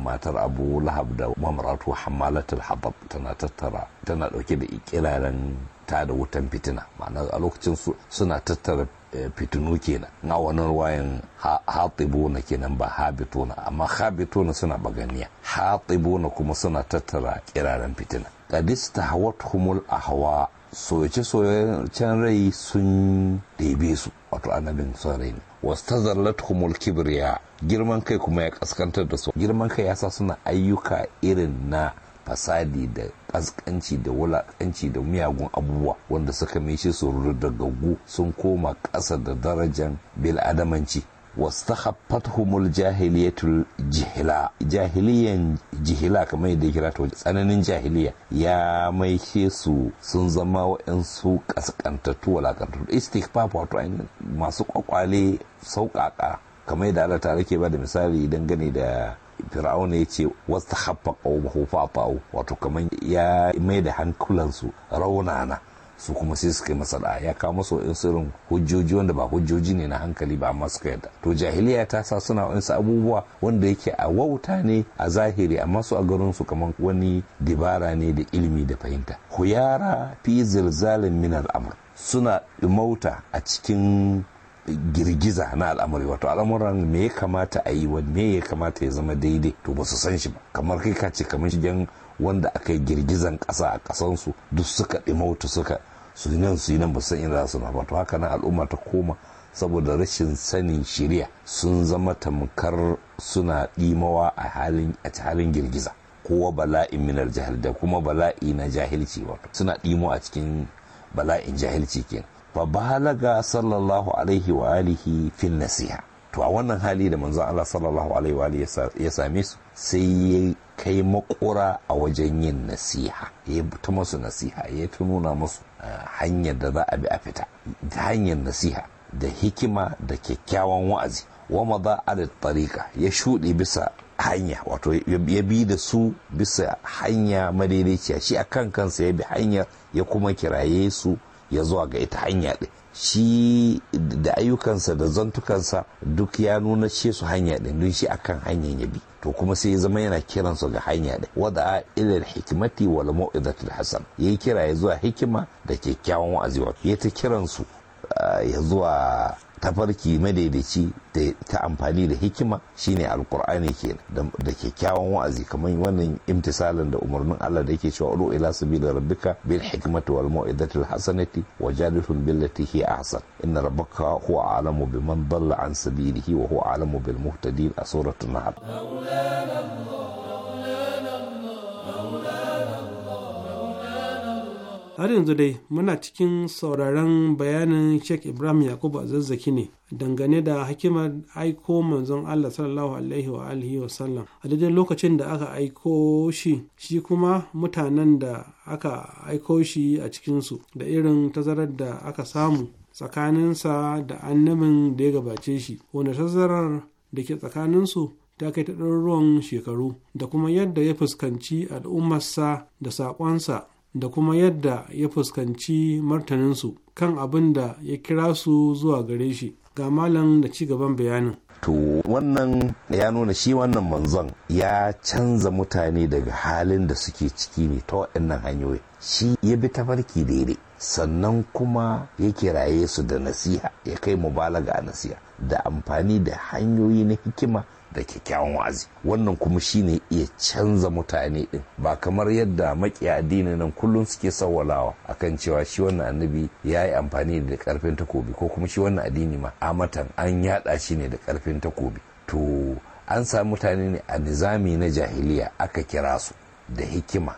matar abu lahab da mamaratu hamalatul habab tana tattara tana ɗauke da kiraren ta da wutan fitina ma'ana a lokacin suna tattara Eh, fitinu kenan na wani ruwayan hatibuna kenan ba habituna amma habituna suna baganiya hatibuna kuma suna tattara kiraren fitina ƙadista hawat humul ahwa soyace soyacen rai sun ɗebe su wato annabin son Wasu ne wasta humul kibriya girman kai kuma ya kaskantar da su girman kai ya sa suna ayyuka irin na fasadi da ƙasƙanci da wulaƙanci da miyagun abubuwa wanda suka mishi su gaggu sun koma ƙasa da darajan bil'adamanci wastakhaffathumul jahiliyatul jihila jahiliyan jihila kamar yadda kira ta tsananin jahiliya ya maishe su sun zama wa'ansu kaskantattu walakantattu istighfaf wato masu kwakwale sauƙaƙa kamar yadda Allah ta rake ba da misali dangane da fir'auna ya ce wasu wasta haffa ƙaumahu fafa'u wato kamar ya mai da hankulansu raunana su kuma sai suka yi masa ya kawo masa wa'in irin hujjoji wanda ba hujjoji ne na hankali ba amma suka yadda to jahiliya ta sa suna wa'insu abubuwa wanda yake a wauta ne a zahiri amma su a garin su kamar wani dibara ne da ilimi da fahimta huyara fi zirzalin minar amur suna imauta a cikin girgiza na al'amari wato al'amuran me ya kamata a yi me ya kamata ya zama daidai to ba su san shi ba kamar kai ka ce kamar shigen wanda aka yi girgizan kasa a ƙasansu duk suka ɗimautu suka su nan su yi nan ba san inda su na ba to haka nan al'umma ta koma saboda rashin sanin shirya sun zama tamkar suna ɗimawa a halin a halin girgiza kowa bala'in minar jahil da kuma bala'i na jahilci wato suna ɗimo a cikin bala'in jahilci kenan fa balaga sallallahu alaihi wa في fin nasiha to a wannan hali da manzon Allah sallallahu alaihi wa alihi ya same su sai ya kai makura a wajen yin nasiha ya ta musu nasiha ya ta nuna musu hanyar da za a bi a fita ta hanyar nasiha da hikima da kyakkyawan wa'azi wa a ala tariqa ya shuɗe bisa hanya wato ya bi da su bisa hanya madaidaiciya shi a kan kansa ya bi hanyar ya kuma kiraye su ya zuwa ga ita hanya ɗin shi da ayyukansa da zantukansa duk ya nuna shi su hanya ɗin don shi akan hanyar ya bi to kuma sai ya zama yana kiran su ga hanya ɗin wada a ilal hikimati wal mu'izatul hasan yayi kira ya zuwa hikima da kyakkyawan wa'azi wato ya ta kiran su ah, ya zuwa tafarki madaidaici ta amfani da hikima shine alkur'ani ke da kyakkyawan wa'azi kamar wannan imtisalin da umarnin Allah da yake cewa ulu ila sabila rabbika bil hikmati wal mau'izati al hasanati wajadilhum billati hi ahsan inna rabbaka huwa a'lamu biman dalla an sabilihi wa huwa a'lamu bil muhtadin a suratul nahl har yanzu dai muna cikin sauraron bayanin sheikh ibrahim yakubu zazzaki ne dangane da hakimar aiko manzon allah sallallahu alaihi wa alihi wa sallam a daidai lokacin da aka aiko shi shi kuma mutanen da aka aiko shi a cikinsu da irin tazarar da aka samu tsakaninsa da annabin da ya gabace shi wanda tazarar da ke tsakaninsu ta kai ta ɗaruruwan shekaru da kuma yadda ya fuskanci al'ummarsa da saƙonsa da kuma yadda ya fuskanci martaninsu kan abin da ya kira su zuwa gare shi ga malam da ci gaban bayanin to wannan ya nuna shi wannan manzon ya canza mutane daga halin da suke ciki ne ta waɗannan hanyoyi shi ya bi tafarki daidai sannan kuma ya kiraye su da nasiha ya kai mubalaga a nasiha da amfani da hanyoyi na hikima da kyakkyawan wa'azi wannan kuma shine iya canza mutane din ba kamar yadda makiya addini nan kullum suke sawwalawa akan cewa shi wannan annabi ya yi amfani da karfin takobi ko kuma shi wannan addini ma amatan an yada shi ne da karfin takobi to an sami mutane ne a nizami na jahiliya aka kira su da hikima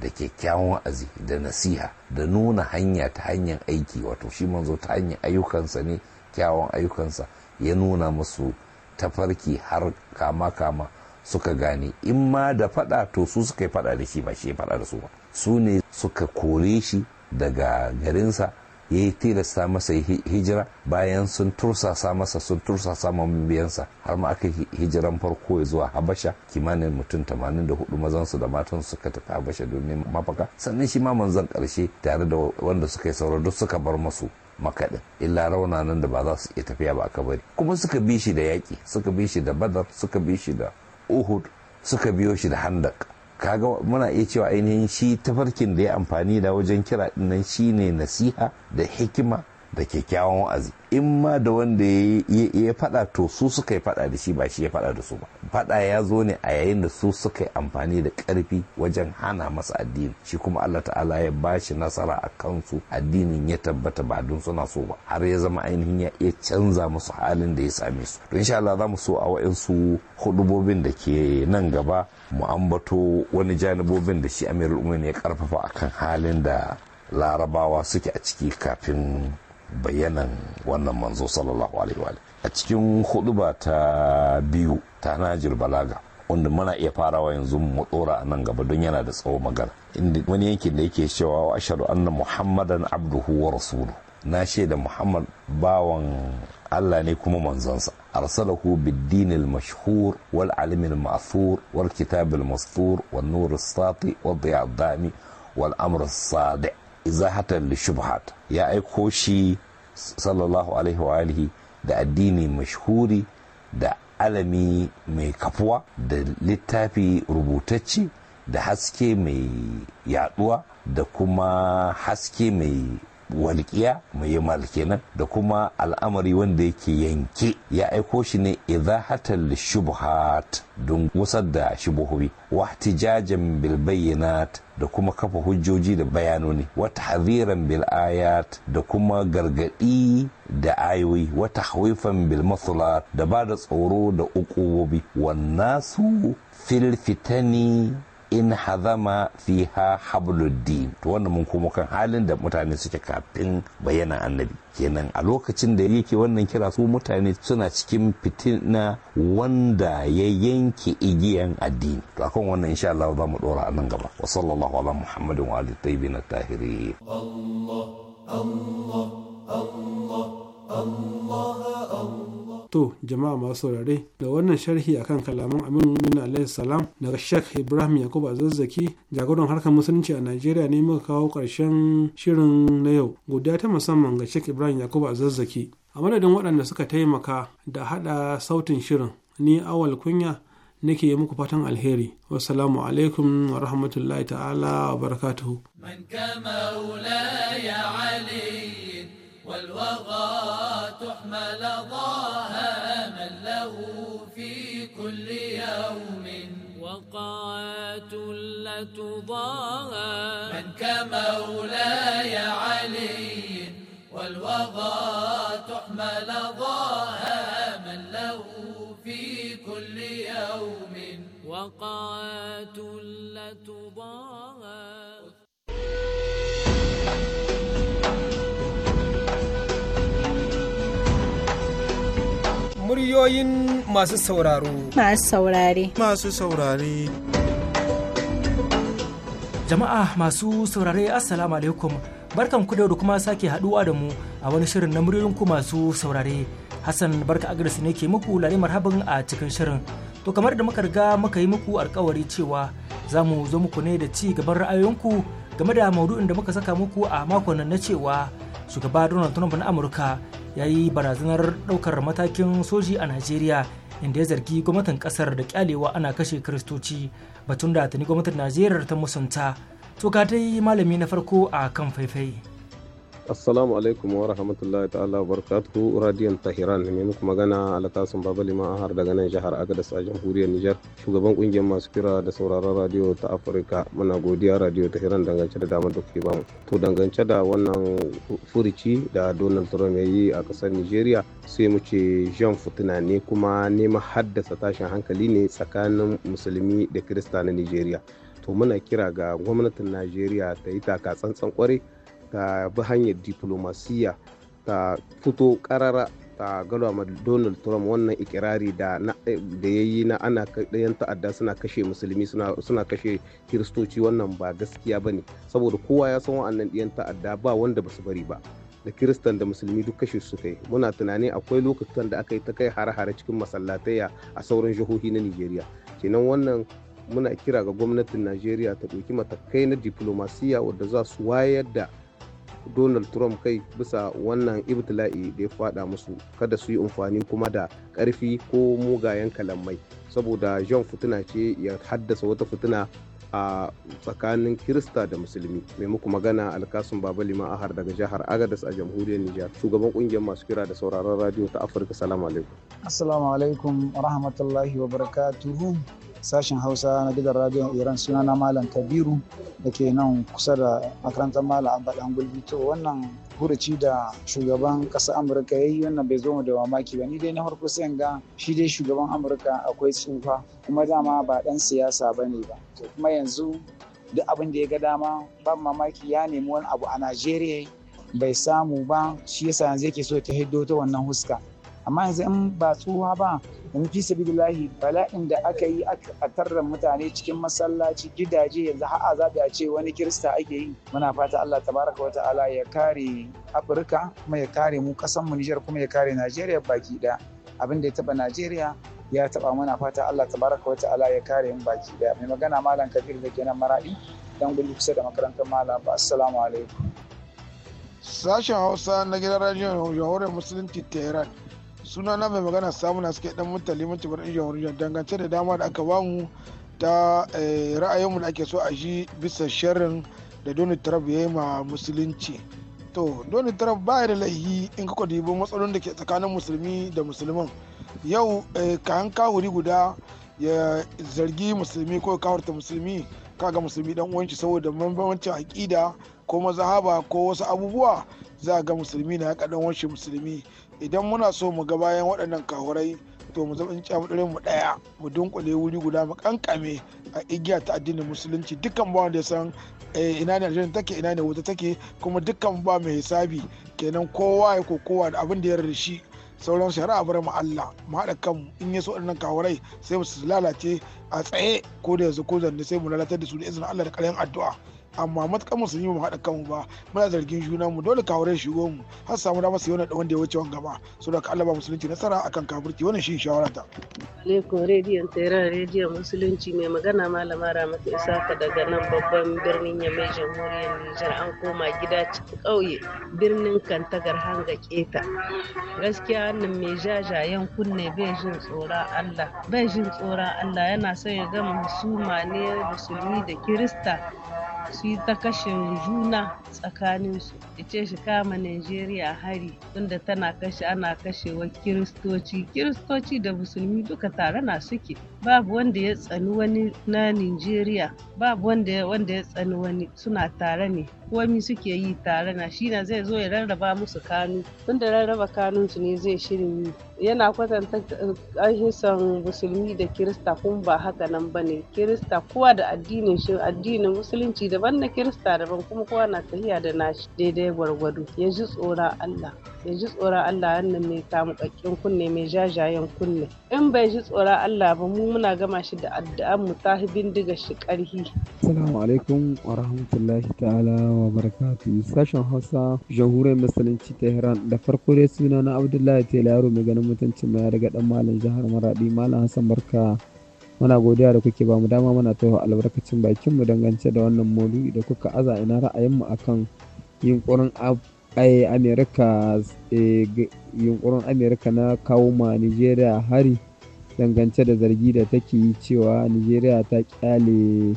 da kyakkyawan wa'azi da nasiha da nuna hanya ta hanyar aiki wato shi manzo ta hanyar ayyukansa ne kyawun ayyukansa ya nuna musu tafarki har kama kama suka gane in ma da fada to su suka yi fada da shi ba shi fada da su ba su ne suka kore shi daga garinsa ya yi tilasta masa hijira bayan sun tursasa masa sun tursasa biyansa har ma aka hijiran farko ya zuwa habasha kimanin mutum 84 mazansu da matan suka tafi habasha domin mafaka sannan shi ma manzan karshe tare da wanda suka yi sauro duk suka bar masu makaɗin illa nan da ba za su iya tafiya ba a kabari kuma suka bi shi da yaƙi suka bi shi da badar suka bi shi da uhud suka biyo shi da handak kaga muna iya cewa ainihin shi tafarkin da ya amfani da wajen kira dinnan shine nasiha da hikima da kyakkyawan wa'azi in ma da wanda ya faɗa to su suka yi faɗa da shi ba shi ya faɗa da su ba faɗa ya zo ne a yayin da su suka yi amfani da ƙarfi wajen hana masa addini shi kuma Allah ta'ala ya ba shi nasara a kansu addinin ya tabbata ba don suna so ba har ya zama ainihin ya iya canza musu halin da ya same su don insha Allah za mu so a wa'insu hudubobin da ke nan gaba mu ambato wani janibobin da shi Amirul Umar ya karfafa akan halin da larabawa suke a ciki kafin bayanan wannan manzo sallallahu alaihi wa a cikin huduba ta biyu ta najir balaga wanda muna iya farawa yanzu mu dora a nan gaba don yana da tsawo magana inda wani yankin da yake cewa wa ashhadu anna muhammadan abduhu wa rasuluhu na shaida muhammad bawan Allah ne kuma manzonsa arsalahu bid-din mashhur wal alim al-ma'thur wal kitab al wan nur sati wad dami wal amr as zahatar lishubhat ya aiko shi sallallahu alaihi wa alihi da addini mashhuri da alami mai kafuwa da littafi rubutacci da haske mai yaduwa da kuma haske mai walƙiya mai muhimmal kenan da kuma al'amari wanda yake yanke ya aiko shi ne hatal shubhat don wasar da shubuhobi wa ihtijajan bil da kuma kafa hujjoji da bayanoni wa tahziran bil ayat da kuma gargadi da ayoyi wa tahwifan bil masulat da ba da tsoro da ukubobi wannan su fil fitani in hazama fiha habluddin to wannan mun komo kan halin da mutane suke kafin bayyana annabi kenan a lokacin da yake wannan kira su mutane suna cikin fitina wanda ya yanke igiyan addini to akan wannan insha Allah za mu dora a nan gaba wa sallallahu ala muhammadin wa alihi tayyibin tahiri Allah Allah Allah To jama'a masu saurare da wannan sharhi akan kalaman Aminu Nuna alaihi salam daga Sheikh Ibrahim Yakubu Azazzaki jagoran harkar musulunci a Najeriya ne muka kawo ƙarshen shirin na yau. guda ta musamman ga Sheikh Ibrahim Yakubu Azazzaki. A madadin waɗanda suka taimaka da haɗa sautin shirin ni awal kunya nake muku fatan alheri wassalamu alaikum wa rahmatullahi ta'ala wa barakatuhu والوغى تحمل ضاها من له في كل يوم وقعت لا تضاها من كمولاي علي والوغى تحمل ضاها من له في كل يوم وقعت لا تضاها muryoyin masu sauraro. Masu saurare. Masu saurare. Jama'a masu saurare Assalamu alaikum. Barkan ku da kuma sake haɗuwa da mu a wani shirin na muryoyin ku masu saurare. Hassan barka agres ne ke muku lare marhaban a cikin shirin. To kamar da muka riga muka yi muku alkawari cewa za mu zo muku ne da ci gaban ra'ayoyinku game da maudu'in da muka saka muku a makon nan na cewa shugaba Donald Trump na Amurka ya yi barazanar ɗaukar matakin soji a najeriya inda ya zargi gwamnatin ƙasar da kyalewa ana kashe kiristoci batun da tuni gwamnatin najeriya ta musunta to ka dai malami na farko a kan faifai Assalamu alaikum wa rahmatullahi ta'ala wa barakatuhu radiyon Tahiran ne muku magana alakasun Babali Ma'ahar daga nan jihar Agadas a jamhuriyar Nijar shugaban kungiyar masu kira da sauraron radiyo ta Afirka muna godiya radiyo Tahiran dangance da damar da kuke bamu to dangance da wannan furici da Donald Trump ya yi a kasar Nigeria sai mu ce Jean fitina ne kuma neman haddasa tashin hankali ne tsakanin musulmi da Kirista na Nigeria to muna kira ga gwamnatin Najeriya ta yi taka tsantsan kwarai ta bi hanyar diplomasiya ta fito karara ta galwa donald trump wannan ikirari da ya yi na ana ɗayan ta'adda suna kashe musulmi suna kashe kiristoci wannan ba gaskiya ba ne saboda kowa ya san wa'annan ɗayan ta'adda ba wanda ba su bari ba da kiristan da musulmi duk kashe su kai muna tunani akwai lokutan da aka yi ta kai hare-hare cikin masallataya a sauran jihohi na nigeria kenan wannan muna kira ga gwamnatin najeriya ta ɗauki matakai na diplomasiya wadda za su wayar da donald trump kai bisa wannan ibtila'i da ya fada musu kada su yi amfani kuma da karfi ko mugayen kalamai saboda john fitina ce ya haddasa wata fitina a tsakanin kirista da musulmi mai muku magana alkasun baba liman ahar daga jihar agadas a jamhuriyar nijar shugaban kungiyar masu kira da sauraron radio ta afirka salamu alaikum rahmatullahi wa barakatuhu sashen hausa na gidan radiyon iran suna na malam kabiru da ke nan kusa da makarantar malam abadan gulbi to wannan furuci da shugaban ƙasar amurka ya yi wannan bai zo mu da mamaki ba ni dai na farko sai ga shi dai shugaban amurka akwai tsufa kuma dama ba ɗan siyasa ba ne ba to kuma yanzu duk abin da ya ga dama ba mamaki ya nemi wani abu a najeriya bai samu ba shi yasa yanzu yake so ta hiddo ta wannan huska amma yanzu in ba tsuwa ba in fi sabilillahi bala'in da aka yi a tarra mutane cikin masallaci gidaje yanzu har za a ce wani kirista ake yi muna fata Allah tabaraka wa ta'ala ya kare Afirka kuma ya kare mu kasan mu Niger kuma ya kare Najeriya baki da abin da ya taba Najeriya ya taba muna fata Allah tabaraka wa ta'ala ya kare mu baki da mai magana malam Kabir da kenan maradi dan gudu kusa da makarantar malam assalamu alaikum sashen hausa na gidan rajiyar jamhuriyar musulunci tehran suna na mai magana samuna suke dan mutali mutubar iya rijiyar dangance da dama da aka bamu ta eh, ra'ayinmu da ake so a ji bisa sharrin da donald trump ya yi ma musulunci to donald trump ba da laihi in ka dubi matsalolin da ke tsakanin musulmi da musulman yau eh, kayan kawuri guda ya zargi musulmi ko kawarta musulmi ka ga musulmi dan uwanci saboda bambancin aƙida ko mazahaba ko wasu abubuwa za ga musulmi na ya kaɗan wanshi musulmi idan muna so mu ga bayan waɗannan kahurai to mu zama tsintsiya mu mu ɗaya mu dunkule wuri guda mu kankame a igiya ta addinin musulunci dukkan ba wanda ya san eh, ina ne aljanna take ina ne wuta take kuma dukkan ba mai hisabi kenan kowa ya kowa da abin da ya rishi sauran shari'a a bar mu Allah mu haɗa kanmu in ya so waɗannan kawarai sai mu lalace a tsaye ko da yanzu ko zanne sai mu lalatar da su da izinin Allah da ƙarfin addu'a amma matuƙar yi mu haɗa kanmu ba muna zargin juna mu dole rai shigo mu har samu rama su yi wani wanda ya wuce wani gaba so da Allah ba musulunci nasara akan kafirci wannan shi shawara ta. Alaikum rediyon tera rediyon musulunci mai magana malama Ramatu ka daga nan babban birnin Yamai jamhuriyar Nijar an koma gida cikin ƙauye birnin Kantagar Hanga Keta. Gaskiya wannan mai jajayen kunne bai jin tsoron Allah bai jin tsoron Allah yana son ya gama musulma ne musulmi da Kirista su ta kashin juna tsakanin su ce shi kama Najeriya hari tunda tana kashe ana kashewa kiristoci kiristoci da musulmi duka tare na suke babu wanda ya tsani wani na Najeriya babu wanda ya tsani wani suna tare ne komi suke yi tare na shi na zai zo ya rarraba musu kanu tunda rarraba kanunsu ne zai shirin yi yana kwatanta eh, ahisan musulmi da kirista kuma ba haka nan ba ne kirista kowa da addinin shi addinin musulunci daban na kirista daban kuma kowa na tafiya da nashi daidai gwargwado ya ji tsoron allah ya ji tsoron allah wannan mai kamukakkin kunne mai jajayen kunne in bai ji tsoron allah ba mu muna gama shi da addu'an mu ta bindiga shi karhi assalamu alaikum wa rahmatullahi ta'ala wa barakatu sashen hausa jamhuriyar musulunci tehran da farko dai suna na abdullahi tela yaro mai ganin mutuncin mai daga dan malam jihar maradi malam hassan barka muna godiya da kuke bamu dama muna taho albarkacin bakin mu dangance da wannan maudu'i da kuka aza ina ra'ayin mu akan yunkurin eh, amerika eh, yunkurin amerika na kawo ma nigeria hari dangance da zargi da take yi cewa nigeria ta kyale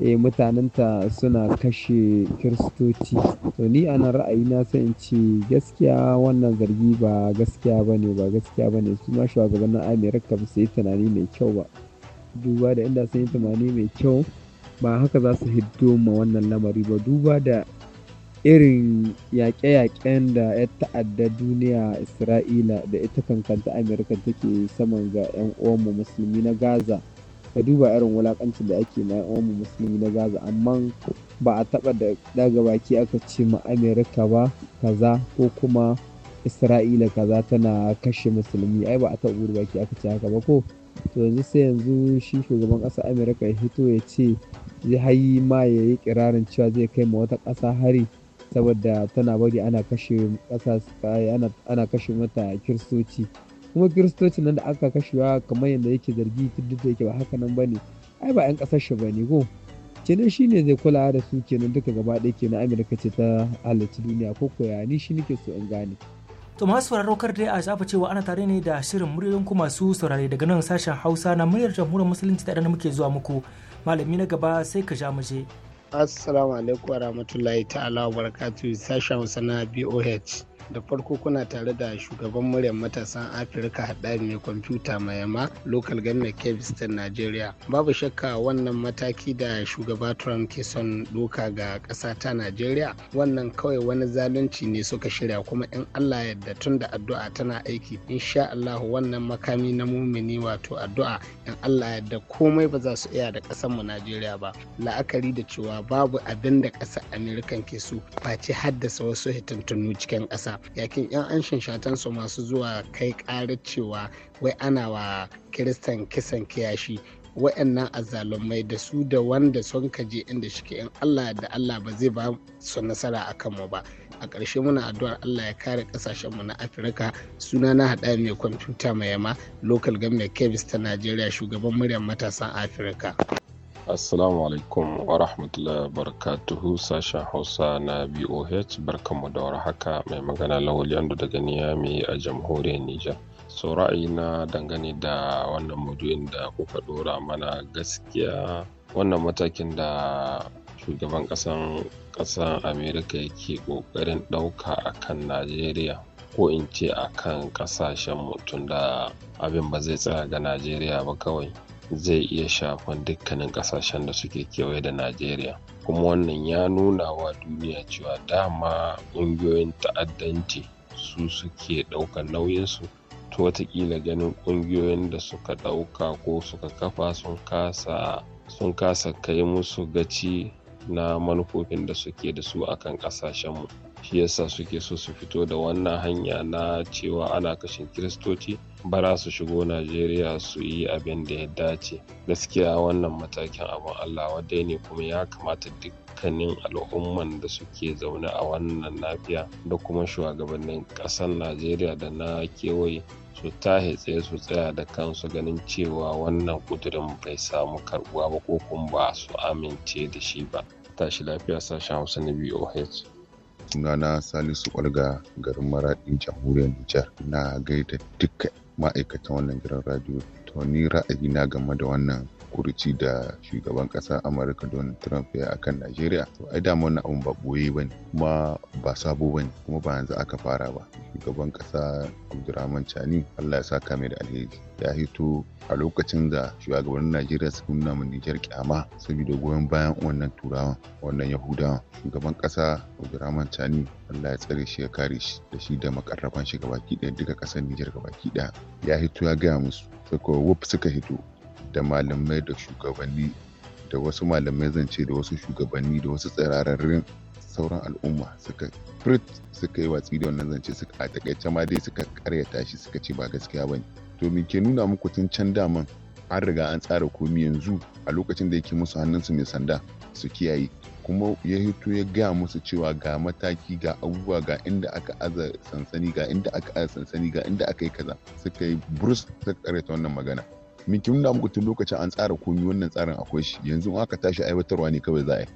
e, mutanenta suna kashe kiristoci to ni a nan na sai in ce gaskiya wannan zargi ba gaskiya ba ne ba gaskiya ba ne su ma shugabannin amerika ba su yi tunani mai kyau ba duba da inda sun yi tunani mai kyau ba haka za su hiddo ma wannan lamari ba duba da irin yaƙe-yaƙen da ya ta'adda duniya isra'ila da ita kankanta amurka take saman ga 'yan uwanmu musulmi na gaza ka duba irin wulakancin da ake na yan musulmi na gaza amma ba a taba da daga baki aka ce ma amerika ba kaza ko kuma isra'ila kaza tana kashe musulmi ai ba a taba da baki aka ce haka ba ko to yanzu sai yanzu shi shugaban ƙasa amerika ya fito ya ce zai ma ya yi kirarin cewa zai kai ma wata ƙasa hari saboda tana bari ana kashe ana kashe mata kiristoci kuma kiristoci nan da aka kashewa kamar yadda yake zargi duk da yake ba haka nan bane ai ba 'yan kasar shi bane ko kenan shi ne zai kula da su kenan duka gaba ɗaya kenan amurka ce ta halarci duniya ko koya ni shi nake so in gane to masu sauraro kar dai a shafa cewa ana tare ne da shirin muryoyin ku masu saurare daga nan sashen hausa na muryar jamhuriyar musulunci da muke zuwa muku malami na gaba sai ka ja muje assalamu alaikum warahmatullahi ta'ala wa barakatuhu sashen hausa na boh da farko kuna tare da shugaban muryar matasan afirka haɗari mai kwamfuta mai yamma local government kebis ta nigeria babu shakka wannan mataki da shugaba trump ke son doka ga ƙasa ta nigeria wannan kawai wani zalunci ne suka shirya kuma in allah yadda tun da addu'a tana aiki insha allahu wannan makami na mumini wato addu'a in allah yadda komai ba za su iya da ƙasar mu nigeria ba la'akari da cewa babu abin da ƙasar amerika ke so face haddasa wasu hitintunu cikin ƙasa yakin yan anshin shatan su masu zuwa kai karar cewa wai ana wa kiristan kisan kiyashi wa'annan azalunmai da su da wanda sun kaje inda shike in Allah da Allah ba zai ba su nasara a kanmu ba a ƙarshe muna addu'ar Allah ya kare ƙasashenmu na Afirka suna na haɗa mai kwamfuta mai yama local government kebis ta Najeriya shugaban muryar matasan Afirka. Assalamu alaikum wa rahmatullahi barakatuhu sashen Hausa na BOH barkanmu da haka mai magana Lawal daga Niyami a jamhuriyar Nijar. So ra'ayina dangane da wannan maudu'in da kuka dora mana gaskiya wannan matakin da shugaban ƙasan ƙasar Amerika yake ƙoƙarin ɗauka a kan Najeriya ko in ce a kan ƙasashen mutum da abin ba zai tsaya ga Najeriya ba kawai. zai iya shafan dukkanin kasashen da suke kewaye da najeriya kuma wannan ya nuna wa duniya cewa dama ƙungiyoyin ta'addanci su suke ɗaukar nauyinsu to watakila ganin ƙungiyoyin da suka ɗauka ko suka kafa sun kasa kai musu gaci na manufofin da suke da su akan ƙasashenmu shi yasa suke so su fito da wannan hanya na cewa ana kashin kiristoci bara su shigo najeriya su yi abin da ya dace gaskiya wannan matakin abin allah wadai ne kuma ya kamata dukkanin al'umman da suke zaune a wannan lafiya da kuma shugabannin ƙasan najeriya da na kewaye su tahe tsaye su tsaya da kansu ganin cewa wannan kudurin bai samu karbuwa ba ko kuma ba su amince da shi ba tashi lafiya sashen hausa na boh sunana salisu kwalga garin maraɗi jamhuriyar nijar na gaida duka ma'aikatan wannan gidan radio to ni ra'ayi na game da wannan kurci da shugaban ƙasa amurka donald trump ya akan najeriya to ai dama wannan abun ba ɓoye ba ne kuma ba sabo ba ne kuma ba yanzu aka fara ba shugaban ƙasa abdurrahman chani allah ya sa kame da alheri ya hito a lokacin da shugabannin najeriya suka nuna mu nijar kyama saboda goyon bayan wannan turawan wannan yahudawan shugaban ƙasa abdurrahman chani Allah ya tsare shi ya kare shi da shi da makarraban shi gabaki ɗaya duka ƙasar Nijar gabaki ɗaya ya hito ya gaya musu suka wuf suka hito da malamai da shugabanni da wasu malamai zance da wasu shugabanni da wasu tsirararrun sauran al'umma suka frit suka yi watsi da wannan zance suka a takaice ma dai suka karyata shi suka ce ba gaskiya ne. to me ke nuna muku tun can daman an riga an tsara komi yanzu a lokacin da yake musu hannunsu mai sanda su kiyaye kuma ya hito ya gaya musu cewa ga mataki ga abubuwa ga inda aka aza sansani ga inda aka aza sansani ga inda aka yi kaza suka yi brus ta karyata wannan magana mikin kin da muku tun lokacin an tsara komi wannan tsarin akwai shi yanzu aka tashi aiwatarwa ne kawai za a yi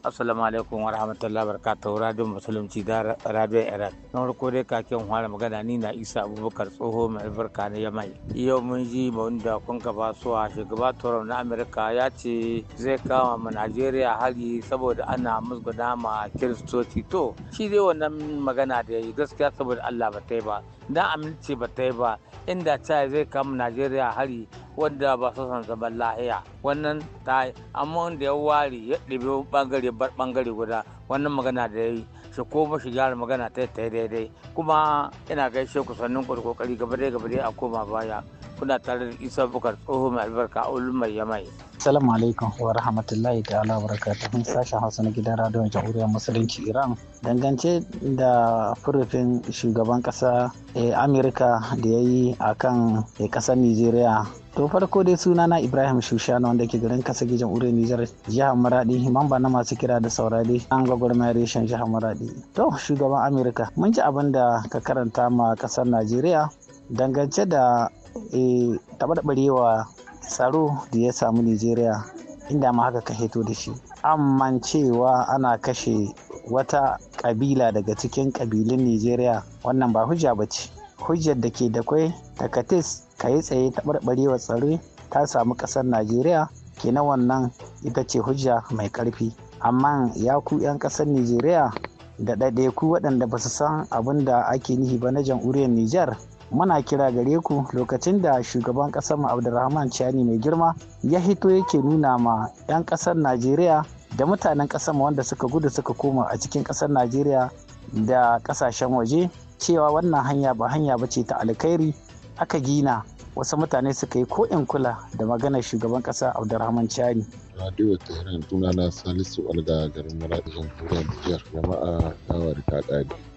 assalamu alaikum warahmatullahi wabarakatuh radio musulunci da radio iraq na farko dai kakin fara magana ni na isa abubakar tsoho mai albarka na yamai yau mun ji mun da kun gaba suwa shugaba trump na amurka ya ce zai kama ma najeriya hari saboda ana musguna ma kiristoci to shi dai wannan magana da ya gaskiya saboda allah ba ta yi ba na amince ba ta yi ba inda ta zai kama najeriya hari wanda ba su san zaman lahiya wannan ta amma wanda ya wari ya ɗibi bangare bar bangare guda wannan magana da ya yi su koma shi gyara magana ta ta daidai kuma ina gaishe ku sannin ku da kokari gaba dai gaba dai a koma baya kuna tare da isa bukar tsoho mai albarka a mai yamai Assalamu alaikum wa rahmatullahi ta'ala wa barakatuhun sashen Hausa na gidan radiyon Jamhuriyar Musulunci Iran. Dangance da furufin shugaban ƙasa eh, Amerika da ya yi a kan kasar eh, Nijeriya to farko dai suna na ibrahim shushana wanda ke garin kasage ure nijar jihar maradi mamba na masu kira da saurari an gwagwarmayar reshen jihar maradi to shugaban amurka mun ji abin da ka karanta ma kasar najeriya dangance da eh, taɓarɓarewa tsaro da ya samu Nijeriya, inda ma haka ka heto da shi amman cewa ana kashe wata kabila daga cikin kabilin Nijeriya, wannan ba hujja ba ce hujjar da ke da kwai takatis tsaye tsaye taɓarɓarewar tsare ta samu ƙasar najeriya kenan wannan ita ce hujja mai ƙarfi amma ya ku 'yan ƙasar najeriya da ɗaiɗaiku waɗanda ba su san abin da ake nihi ba na jamhuriyar nijar muna kira gare ku lokacin da shugaban ƙasar mu abdulrahman ciyani mai girma ya hito yake nuna ma 'yan ƙasar najeriya da mutanen ƙasar mu wanda suka gudu suka koma a cikin ƙasar najeriya da ƙasashen waje cewa wannan hanya ba hanya ba ce ta alkhairi aka gina wasu mutane suka yi ko in kula da maganar shugaban kasa abdulrahman chani radio tehran na salisu alga garin maradi da nijar jama'a shawar ta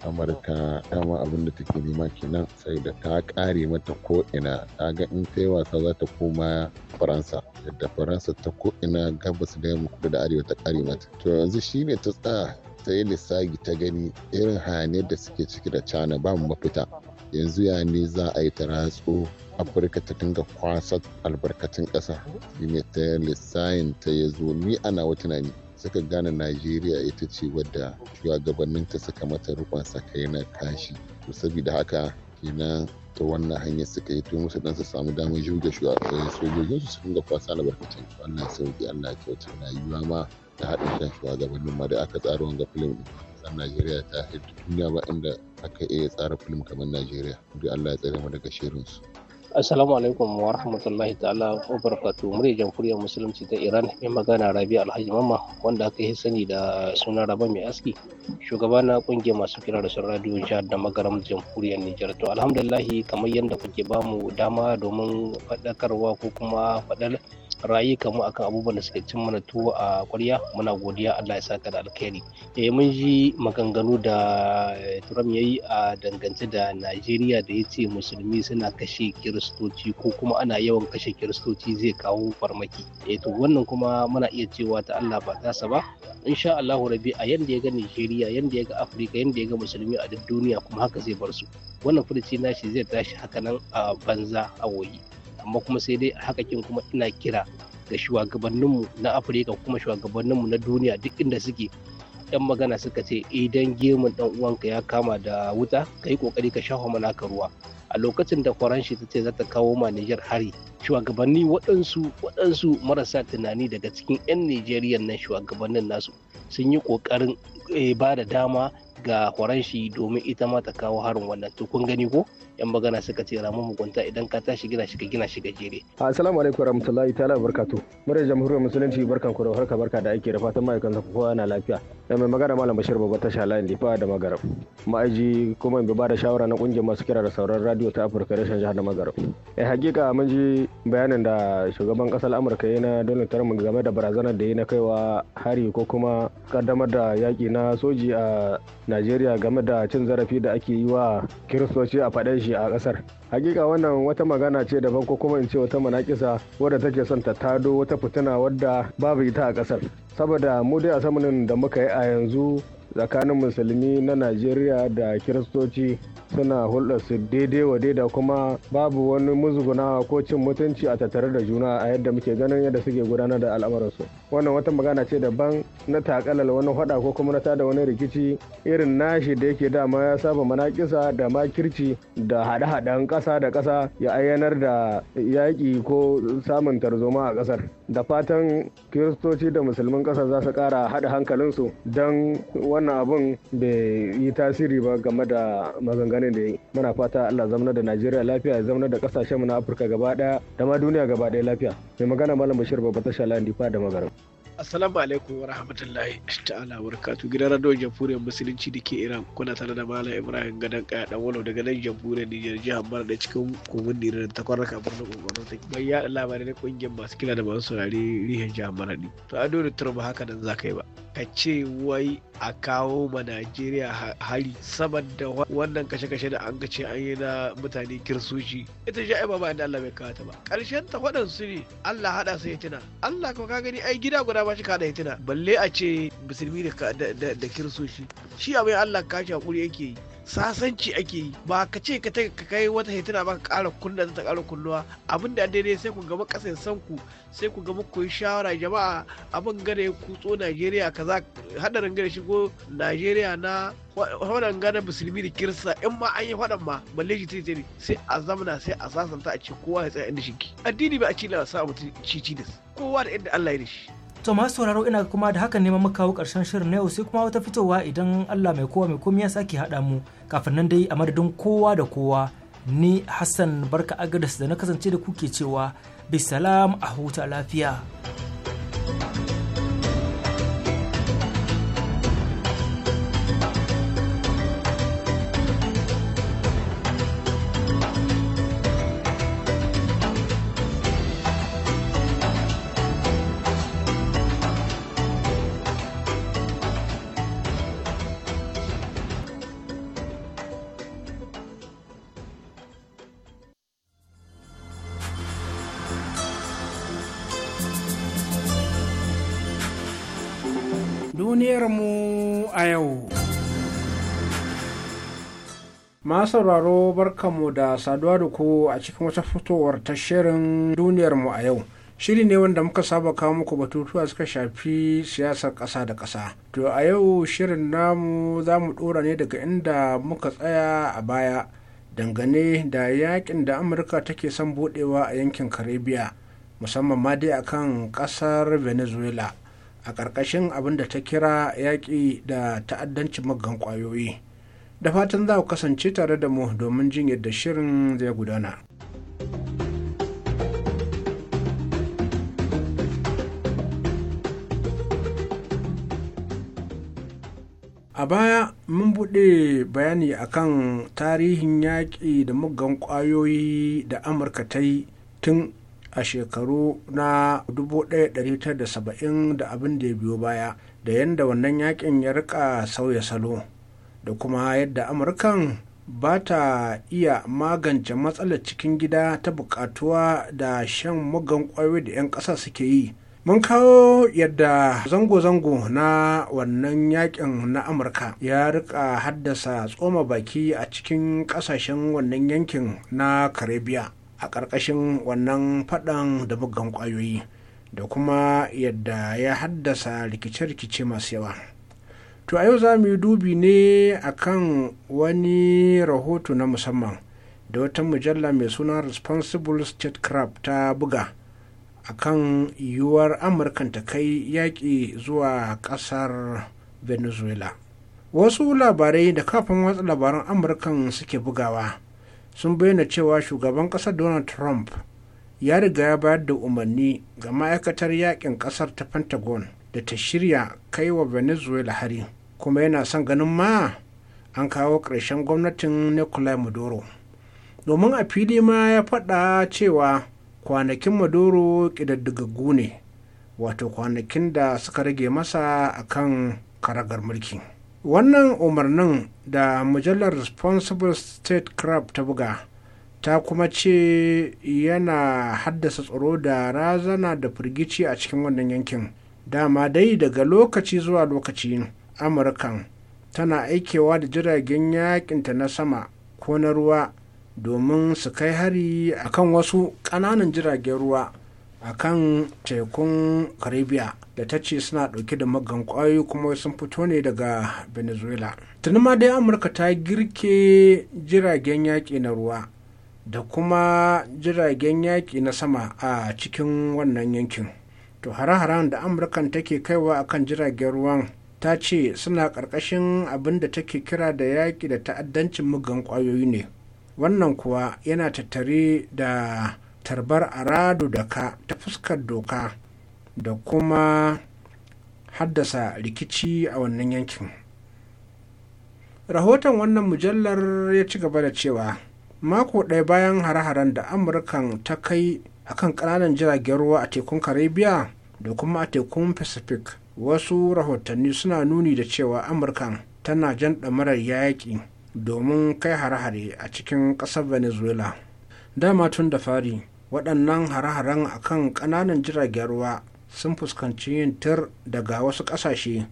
amurka dama abin da take nema kenan sai da ta kare mata ko ina ta ga in yi wasa za ta koma faransa yadda faransa ta ko ina gabas da yamma kudu da arewa ta kare mata to yanzu shine ta tsaya sai lissagi ta gani irin hayaniyar da suke ciki da cana ba mu mafita yanzu ya ne za a yi ta ratso afirka ta dinga kwasa albarkatun ƙasa shine ta lissayin ta ya zo ni ana wa tunani suka gane najeriya ita ce wadda shugabanninta suka mata rukun kai na kashi to saboda haka kenan ta wannan hanyar suka yi to musu dan su samu damar juga sojojin su sun ga kwasa albarkacin Allah sauki Allah kyauta rayuwa ma da haɗin kan shugabannin ma da aka tsara wanga filim ɗin Najeriya ta haifi duniya ba inda aka iya tsara film kamar najeriya duk allah ya tsare mu daga shirinsu Assalamu alaikum wa rahmatullahi ta'ala wa barakatu murya jamhuriyar musulunci ta Iran mai magana Rabi Alhaji Mamma wanda aka yi sani da suna Raba mai aski shugaba na kungiyar masu kira da sun radiyo jihar da magaram jamhuriyar Nijar to alhamdulillah kamar yadda kuke bamu dama domin faɗakarwa ko kuma faɗar rayuka mu akan abubuwan da suka cin mana tuwo a ƙwarya muna godiya Allah ya saka da alkhairi eh mun ji maganganu da eh, Trump yayi a dangance da Najeriya da yace musulmi suna kashe kiristoci ko kuma ana yawan kashe kiristoci zai kawo farmaki eh to wannan kuma muna iya cewa ta Allah ba tasa ba insha Allah rabi a yanda ya ga Najeriya yanda ya ga Afirka yanda ya ga musulmi a duk duniya kuma haka zai bar su wannan furuci nashi zai tashi haka nan a banza a woyi amma kuma sai dai hakakin kuma ina kira ga shugabanninmu na afirka kuma shugabanninmu na duniya duk inda suke yan magana suka ce idan eh, gemun dan uwanka ya kama da wuta ka yi kokari ka shafa mana ka ruwa a lokacin da faranshi ta ce za ta kawo ma Nijar hari shugabanni waɗansu waɗansu marasa tunani daga cikin 'yan Nijeriya nan shugabannin nasu sun yi ƙoƙarin eh, ba da dama ga faranshi domin ita ma ta kawo harin wannan to kun gani ko yan magana suka ce ramu mugunta idan ka tashi gina shi ka gina shi gajere. assalamu alaikum warahmatullahi ta'ala barkatu murar jamhuriyar musulunci barkan ku da harka barka da aiki da fatan ma'aikatan kowa na lafiya da mai magana malam bashir babba Shala in lifa da magarab ma'aji kuma in ba da shawara na kungiyar masu kira da sauran radio ta afirka rashin jihar da magarab eh hakika mun ji bayanin da shugaban kasar amurka ya na donald trump game da barazanar da ya na kaiwa hari ko kuma kaddamar da yaki na soji a najeriya game da cin zarafi da ake yi wa kiristoci a faɗin shi a ƙasar hakika wannan wata magana ce daban ko kuma in ce wata manakisa wadda take son ta tado wata fitina wadda babu ita a ƙasar saboda mu dai a da muka yi a yanzu tsakanin musulmi na najeriya da kiristoci suna hulɗa su daidai wa da kuma babu wani muzguna ko cin mutunci a tattare da juna a yadda muke ganin yadda suke gudanar da al'amuransu wannan wata magana ce daban na takalal wani hada ko kuma na tada wani rikici irin nashi da yake dama ya saba manakisa da makirci da hada-hadan kasa da kasa ya ayyanar da yaƙi ko samun tarzoma a ƙasar da fatan kiristoci da musulman ƙasa za su ƙara haɗa hankalinsu don wannan abun bai yi tasiri ba game da maganganun da yi muna fata allah zamana da najeriya lafiya ya zamana da ƙasashenmu na afirka gaba ɗaya da ma duniya gaba ɗaya lafiya mai magana malam bashir babba tasha landi fa da magarin Assalamu alaikum wa rahmatullahi ta'ala wa barakatuh gidan radon jamhuriyar musulunci da ke Iran kuna tare da Malam Ibrahim Gadan Kaya dan walo daga nan jamhuriyar Nijar jihar Bar da cikin kogun Nijar da takwarar kafin na ta bai yada labarai na kungiyar masu kila da masu saurare rihin jihar ne. to a dole turba haka nan zaka yi ba ka ce wai a kawo ma Najeriya hari saboda wannan kashe-kashe da an ce an yi na mutane kirsoci ita ja'i ba ba inda Allah bai kawo ba karshen ta waɗansu ne Allah hada ya tuna Allah ko ka gani ai gida guda ba shi kada hitina balle a ce musulmi da kiristoci shi abu ya allah kashi hakuri yake yi sasanci ake yi ba ka ce ka kai wata hitina ba ka kara kunna ta kara kunnuwa abin da daidai sai ku gama ƙasan sanku sai ku gama ku yi shawara jama'a abin gane kutso Najeriya kaza hadarin gane shigo Najeriya na faɗan gane musulmi da kirista in ma an yi faɗan ma balle shi tsaye sai a zamana sai a sasanta a ce kowa ya tsaya inda shi addini ba a ci na sa mutum cici da kowa da inda Allah ya da shi to masu sauraro ina kuma da hakan neman muka kawo karshen shirin na yau sai kuma wata fitowa idan Allah mai kowa mai komai ya sake haɗa mu kafin nan dai a madadin kowa da kowa ni Hassan Barka Agadas da na kasance da kuke cewa bisalam a huta lafiya. sauraro barkanmu da saduwa da ku a cikin wata fitowar ta shirin mu a yau shiri ne wanda muka saba kawo muku batutuwa suka shafi siyasar ƙasa da ƙasa to a yau shirin namu za mu ɗora ne daga inda muka tsaya a baya dangane da yakin da amurka take son budewa a yankin karibiya musamman ma dai akan ƙasar venezuela a ƙarƙashin abin da ta kira yaƙi da ta'addanci maggan ƙwayoyi da fatan za ku kasance tare da mu domin jin yadda shirin zai gudana. a baya mun buɗe bayani akan tarihin yaƙi da muggan ƙwayoyi da amurka ta yi tun a shekaru na 1970 da abin da ya biyo baya da yadda wannan yaƙin ya rika sauya salo da kuma yadda amurkan ba ta iya magance matsalar cikin gida ta bukatuwa da shan mugan kwayoyi da 'yan ƙasa suke yi mun kawo yadda zango-zango na wannan yakin na amurka ya rika haddasa tsoma baki a cikin ƙasashen wannan yankin na karibiya a ƙarƙashin wannan faɗan da mugan kwayoyi da kuma yadda ya haddasa rikice-rikice masu yawa to a yau za mu yi dubi ne akan wani rahoto na musamman da wata mujalla mai suna responsible Crab ta buga akan yiwuwar amurkan ta kai yaƙi zuwa ƙasar venezuela wasu labarai da kafin watsa labaran amurkan suke bugawa sun bayyana cewa shugaban ƙasar donald trump ya riga ya bayar da umarni ga ma'aikatar yaƙin ƙasar ta pentagon da ta shirya kai wa venezuela hari kuma yana son ganin ma an kawo ƙarshen gwamnatin nicolai maduro domin a fili ma ya faɗa cewa kwanakin maduro ƙidaddagaggu ne wato kwanakin da suka rage masa akan karagar mulki wannan umarnin da mujallar responsible state crab ta buga ta kuma ce yana haddasa tsaro da razana da firgici a cikin wannan yankin dama dai daga lokaci zuwa lokaci amurkan tana aikewa da jiragen yakinta na sama ko na ruwa domin su kai hari a kan wasu ƙananan jiragen ruwa a kan tekun caribbean da ta ce suna ɗauke da magan ƙwayoyi kuma sun fito ne daga venezuela tuni ma dai amurka ta girke jiragen yaƙi na ruwa da kuma jiragen yaƙi na sama a cikin wannan yankin to hare-haren da amurkan take kaiwa akan jiragen ruwan ta ce suna ƙarƙashin abin da take kira da yaƙi da ta'addancin mugan ƙwayoyi ne wannan kuwa yana tattare da tarbar arado da ka ta fuskar doka da kuma haddasa rikici a wannan yankin rahoton wannan mujallar ya ci gaba da cewa mako ɗaya bayan hare-haren da amurkan ta kai akan ƙananan jiragen ruwa a tekun karibiya da kuma a tekun pacific wasu rahotanni suna nuni da cewa amurkan tana jan ɗamarar yaƙi domin kai hare-hare a cikin ƙasar venezuela dama tun da fari waɗannan hare-haren a kan ƙananan jiragen ruwa sun fuskanci yin tur daga wasu ƙasashe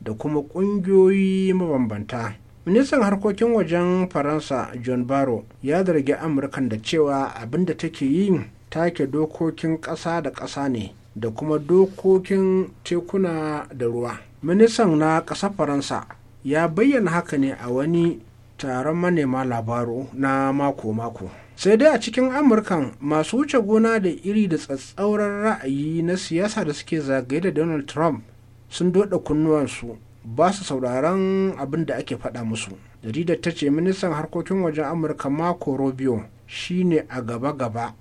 da kuma ƙungiyoyi mabambanta ministan harkokin wajen faransa john baro ya zargi amurkan da cewa abin da take yi take dokokin ƙasa da ƙasa ne da kuma dokokin tekuna da ruwa ministan na ƙasar faransa ya bayyana haka ne a wani taron manema labaru na mako-mako sai dai a cikin amurkan masu wuce gona da iri da tsatsauran ra'ayi na siyasa da suke zagaye da donald trump sun doda kunnuwansu ba su sauraron abin da ake faɗa musu jaridar ta ce ministan harkokin wajen amurka marco rubio shine a gaba-gaba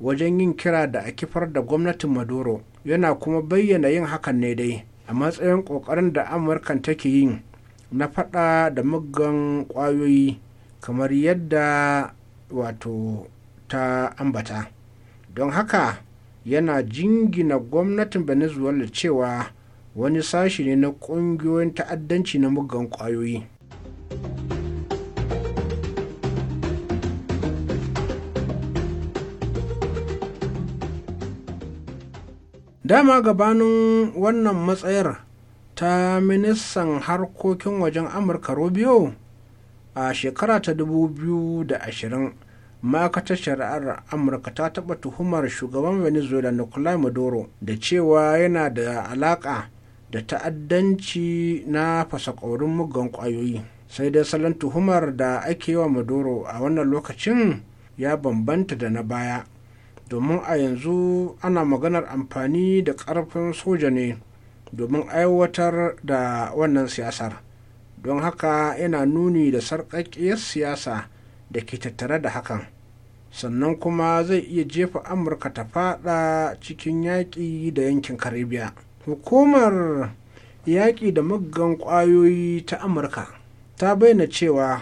wajen yin kira da a kifar da gwamnatin maduro yana kuma bayyana yin hakan ne dai a matsayin kokarin da amurkan take yin na fada da muggan kwayoyi kamar yadda wato ta ambata don haka yana jingina gwamnatin venezuela cewa wani sashi ne na ƙungiyoyin ta'addanci na muggan ƙwayoyi. dama gabanin wannan matsayar ta ministan harkokin wajen amurka rubio a shekara ta 2020 ma'aikatar shari'ar amurka ta taɓa tuhumar shugaban venezuela nicolai maduro da cewa yana da alaƙa da ta'addanci na fasakorin muggan ƙwayoyi sai dai salon tuhumar da ake yi wa maduro a wannan lokacin ya bambanta da na baya domin a yanzu ana maganar amfani da ƙarfin soja ne domin aiwatar da wannan siyasar don haka yana nuni da sarƙaƙƙiyar siyasa da ke tattare da hakan sannan kuma zai iya jefa amurka ta fada cikin yaƙi da yankin karibiya hukumar yaƙi da muggan ƙwayoyi ta amurka ta bayyana cewa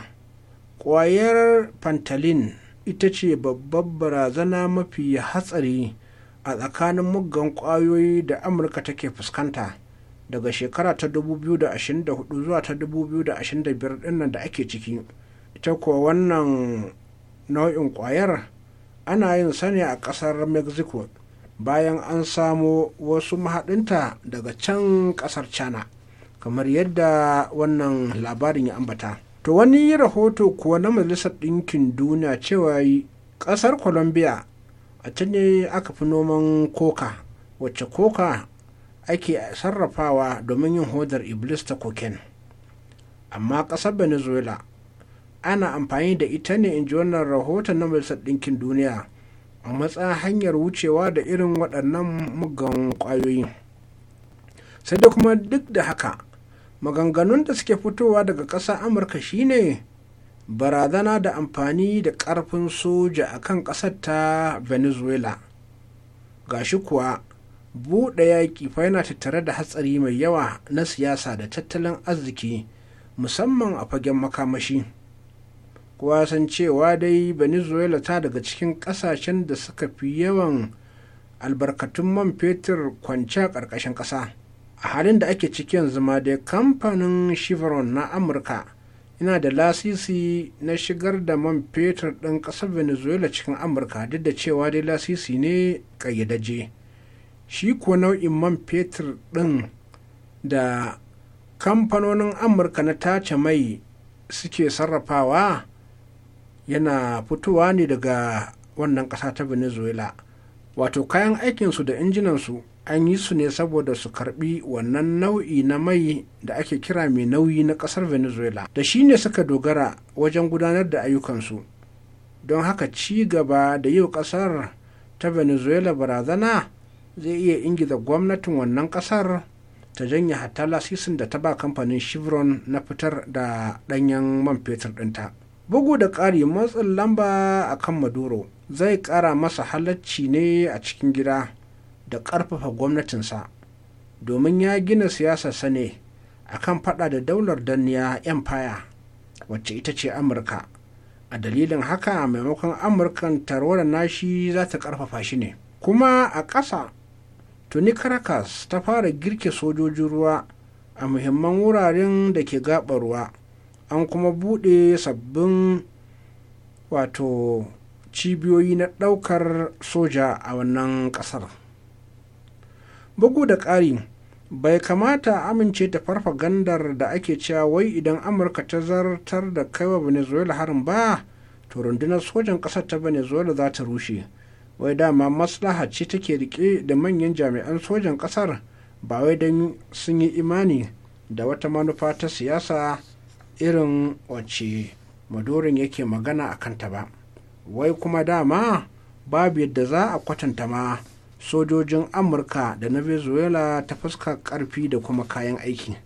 ƙwayar pantalin ita ce babbar barazana mafi hatsari a tsakanin muggan kwayoyi da amurka take fuskanta daga shekara ta 2024 zuwa ta 2025 dinnan da ake ciki ita kuwa wannan nau'in kwayar ana yin sani a kasar mexico bayan an samo wasu mahaɗinta daga can ƙasar china kamar yadda wannan labarin ya ambata to wani rahoto kuwa na majalisar ɗinkin duniya cewa ƙasar colombia a can ne aka fi noman koka wacce koka ake sarrafawa domin yin hodar iblis ta koken amma ƙasar venezuela ana amfani da ita ne in ji wannan rahoto na majalisar ɗinkin duniya a matsayin hanyar wucewa da irin waɗannan mugan ƙwayoyin sai da kuma duk da haka maganganun da suke fitowa daga ƙasar amurka shine barazana da amfani da ƙarfin soja a kan ƙasar ta venezuela gashi kuwa buɗe yaƙi fa yana tattare da hatsari mai yawa na siyasa da tattalin arziki musamman a fagen makamashi kuwa san cewa dai venezuela ta daga cikin ƙasashen da suka fi yawan albarkatun man fetur kwanci a ƙarƙashin ƙasa a halin da ake ciki yanzu ma dai kamfanin chevron na amurka yana da lasisi na shigar da man fetur ɗin ƙasar venezuela cikin amurka duk da cewa dai lasisi ne ƙayyadaje shi kuwa nau'in man fetur ɗin da kamfanonin amurka na tace mai suke sarrafawa yana fitowa ne daga wannan ƙasa ta venezuela wato kayan aikinsu da injinansu an yi su ne saboda su karbi wannan nau'i na mai da ake kira mai nauyi na kasar venezuela da shi ne suka dogara wajen gudanar da ayyukansu don haka ci gaba da yau kasar ta venezuela barazana zai iya ingiza gwamnatin wannan kasar ta janye hatta lasisin da ta ba kamfanin chevron na fitar da danyen man fetur ɗinta. bugu da ƙari matsin lamba a kan maduro zai ƙara masa halacci ne a cikin gida da ƙarfafa gwamnatinsa domin ya gina siyasarsa ne a kan faɗa da daular danniya empire wacce ita ce amurka a dalilin haka maimakon amurkan tarwara nashi za ta ƙarfafa shi ne kuma a ƙasa tuni caracas ta fara girke sojojin ruwa a muhimman wuraren da ke gaɓar ruwa an kuma buɗe sabbin wato cibiyoyi na ɗaukar soja a wannan ƙasar bugu da ƙari bai kamata amince ta farfagandar da ake cewa wai idan amurka ta zartar da kaiwa venezuela harin ba to rundunar sojan ƙasar ta venezuela za ta rushe wai dama maslaha ce take rike da manyan jami'an sojan ƙasar ba wai don sun yi imani da wata manufa ta siyasa irin wacce madorin yake magana a kanta ba wai kuma dama babu yadda za a kwatanta ma sojojin amurka da na venezuela ta fuska karfi da kuma kayan aiki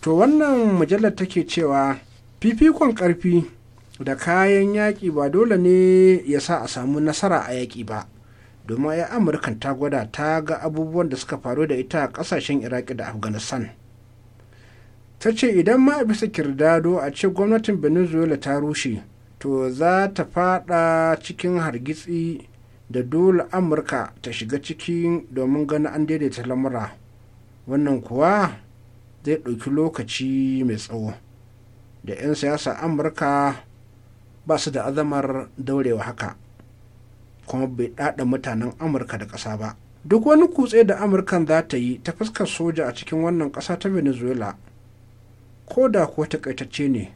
to wannan mujallar take cewa fifikon karfi da kayan yaƙi ba dole ne ya sa a samu nasara a yaƙi ba domin ya amurkan ta gwada ta ga abubuwan da suka faru da ita a ƙasashen iraki da afghanistan ta ce idan ma bisa kirdado a ce gwamnatin venezuela ta rushe to za ta fada cikin hargitsi da dole amurka ta shiga ciki domin ganin an daidaita lamura wannan kuwa zai ɗauki lokaci mai tsawo da 'yan siyasa amurka ba su da azamar daurewa haka kuma bai ɗaɗa mutanen amurka da ƙasa ba duk wani kutse da amurkan za ta yi ta fuskar soja a cikin wannan ƙasa ta venezuela ko da kuwa takaitacce ne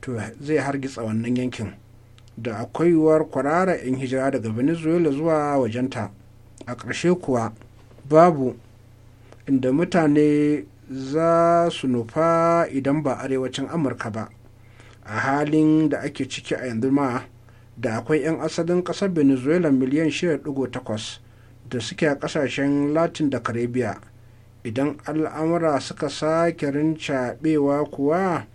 to zai hargitsa wannan yankin da akwai yiwuwar kwarara 'yan hijira daga venezuela zuwa wajenta a ƙarshe kuwa babu inda mutane za su nufa idan ba arewacin amurka ba a halin da ake ciki a yanzu ma da akwai 'yan asalin ƙasar venezuela miliyan 6.8 da suke a ƙasashen latin da caribbean idan al'amura suka sake rincaɓewa kuwa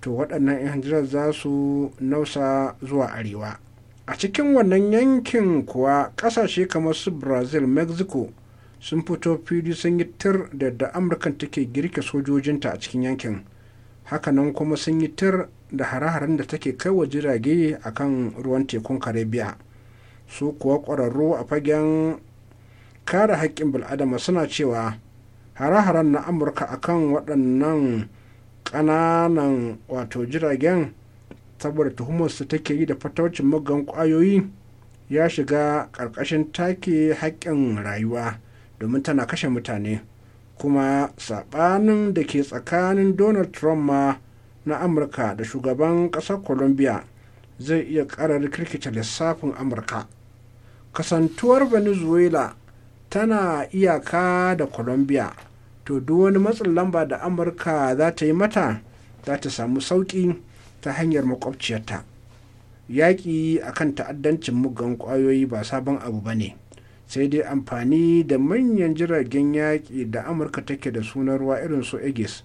to waɗannan 'yan hijirar za su nausa zuwa arewa a cikin wannan yankin kuwa ƙasashe kamar su brazil mexico sun fito fili sun yi tir da da amurkan take girke sojojinta a cikin yankin hakanan kuma sun yi tir da hare-haren da take kai wa jirage a kan ruwan tekun karibiya su kuwa ƙwararru a fagen kare haƙƙin bil'adama suna cewa hare-haren na amurka akan waɗannan ƙananan wato jiragen saboda tuhumar su take yi da fataucin magan ƙwayoyi ya shiga ƙarƙashin take haƙƙin rayuwa domin tana kashe mutane kuma saɓanin da ke tsakanin donald trump ma na amurka da shugaban ƙasar colombia zai iya ƙarar kirkita lissafin amurka kasantuwar venezuela tana iyaka da colombia to duk wani matsin lamba da amurka za ta yi mata za ta samu sauƙi ta hanyar makwabciyarta yaƙi a kan ta'addancin mugan ƙwayoyi ba sabon abu ba ne sai dai amfani da manyan jiragen yaƙi da amurka take da sunan ruwa irin su aegis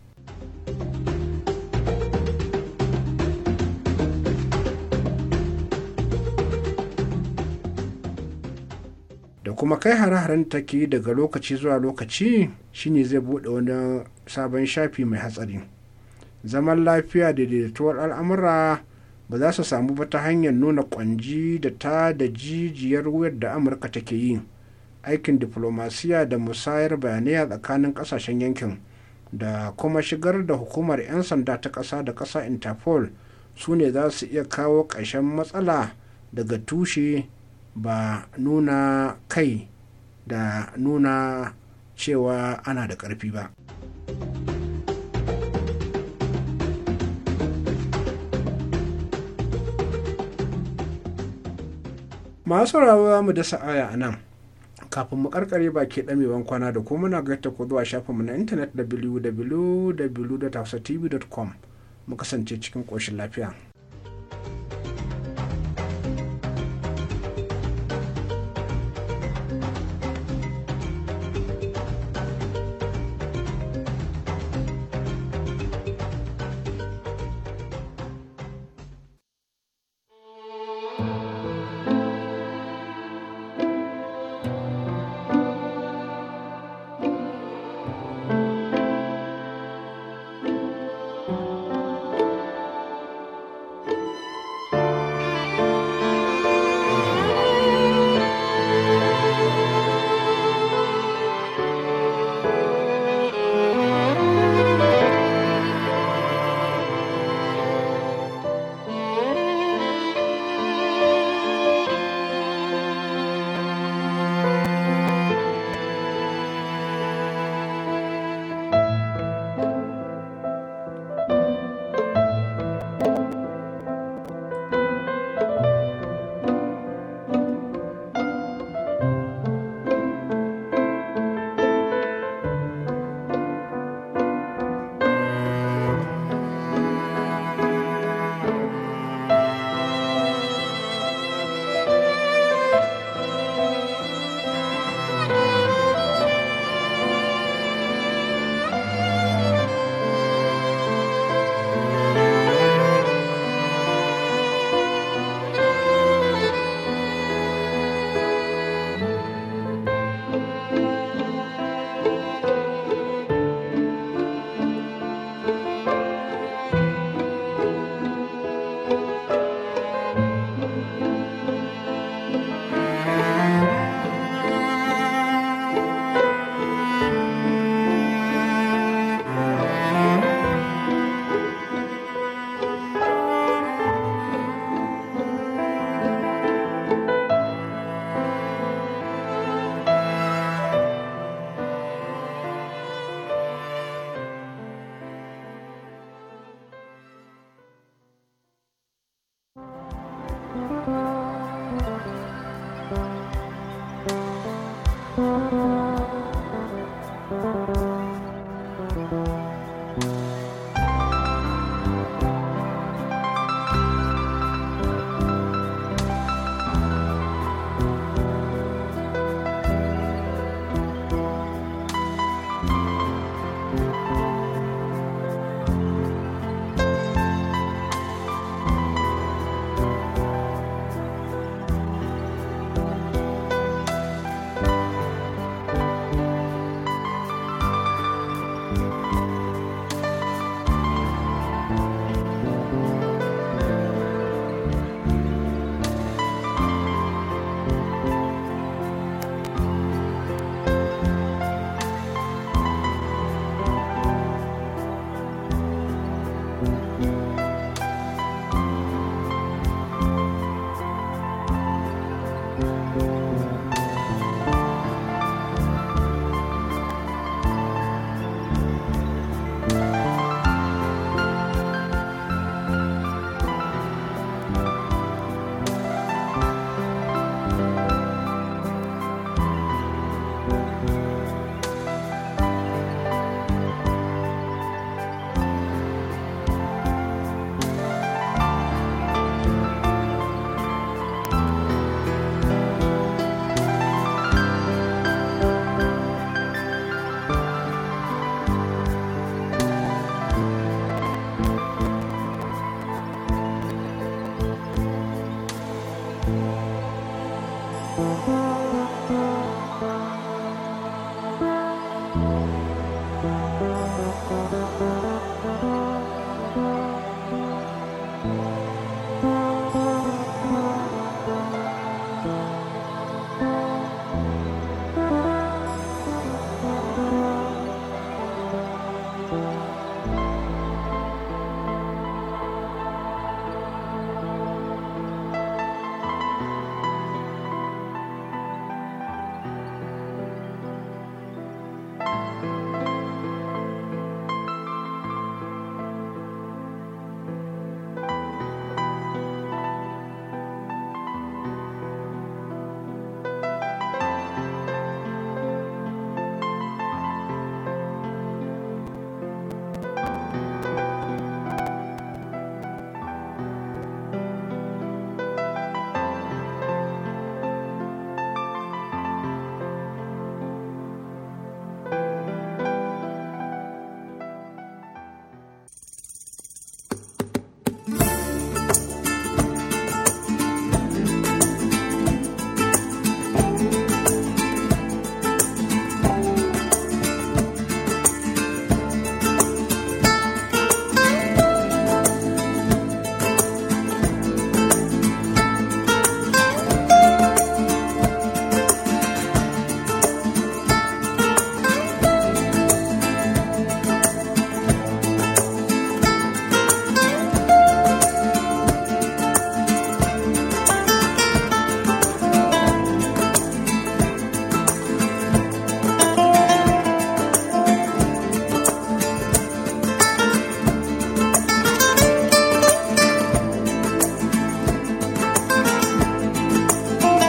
kuma kai hare-haren da take daga lokaci zuwa lokaci shine zai buɗe wani sabon shafi mai hatsari zaman lafiya da daidaituwar al'amura ba za su samu ba ta hanyar nuna kwanji da ta da jijiyar wuyar da amurka take yi aikin diflomasiya da musayar bayanai a tsakanin kasashen yankin da kuma shigar da hukumar 'yan sanda ta ƙasa da ƙasa interpol su ne za su iya kawo ƙarshen matsala daga tushe ba nuna kai da nuna cewa ana da ƙarfi ba. masu rawa mu da sa'aya a nan kafin mu karkare baki damewan kwana da kuma muna gaita ku zuwa shafinmu na intanet www.tv.com mu kasance cikin ƙoshin lafiya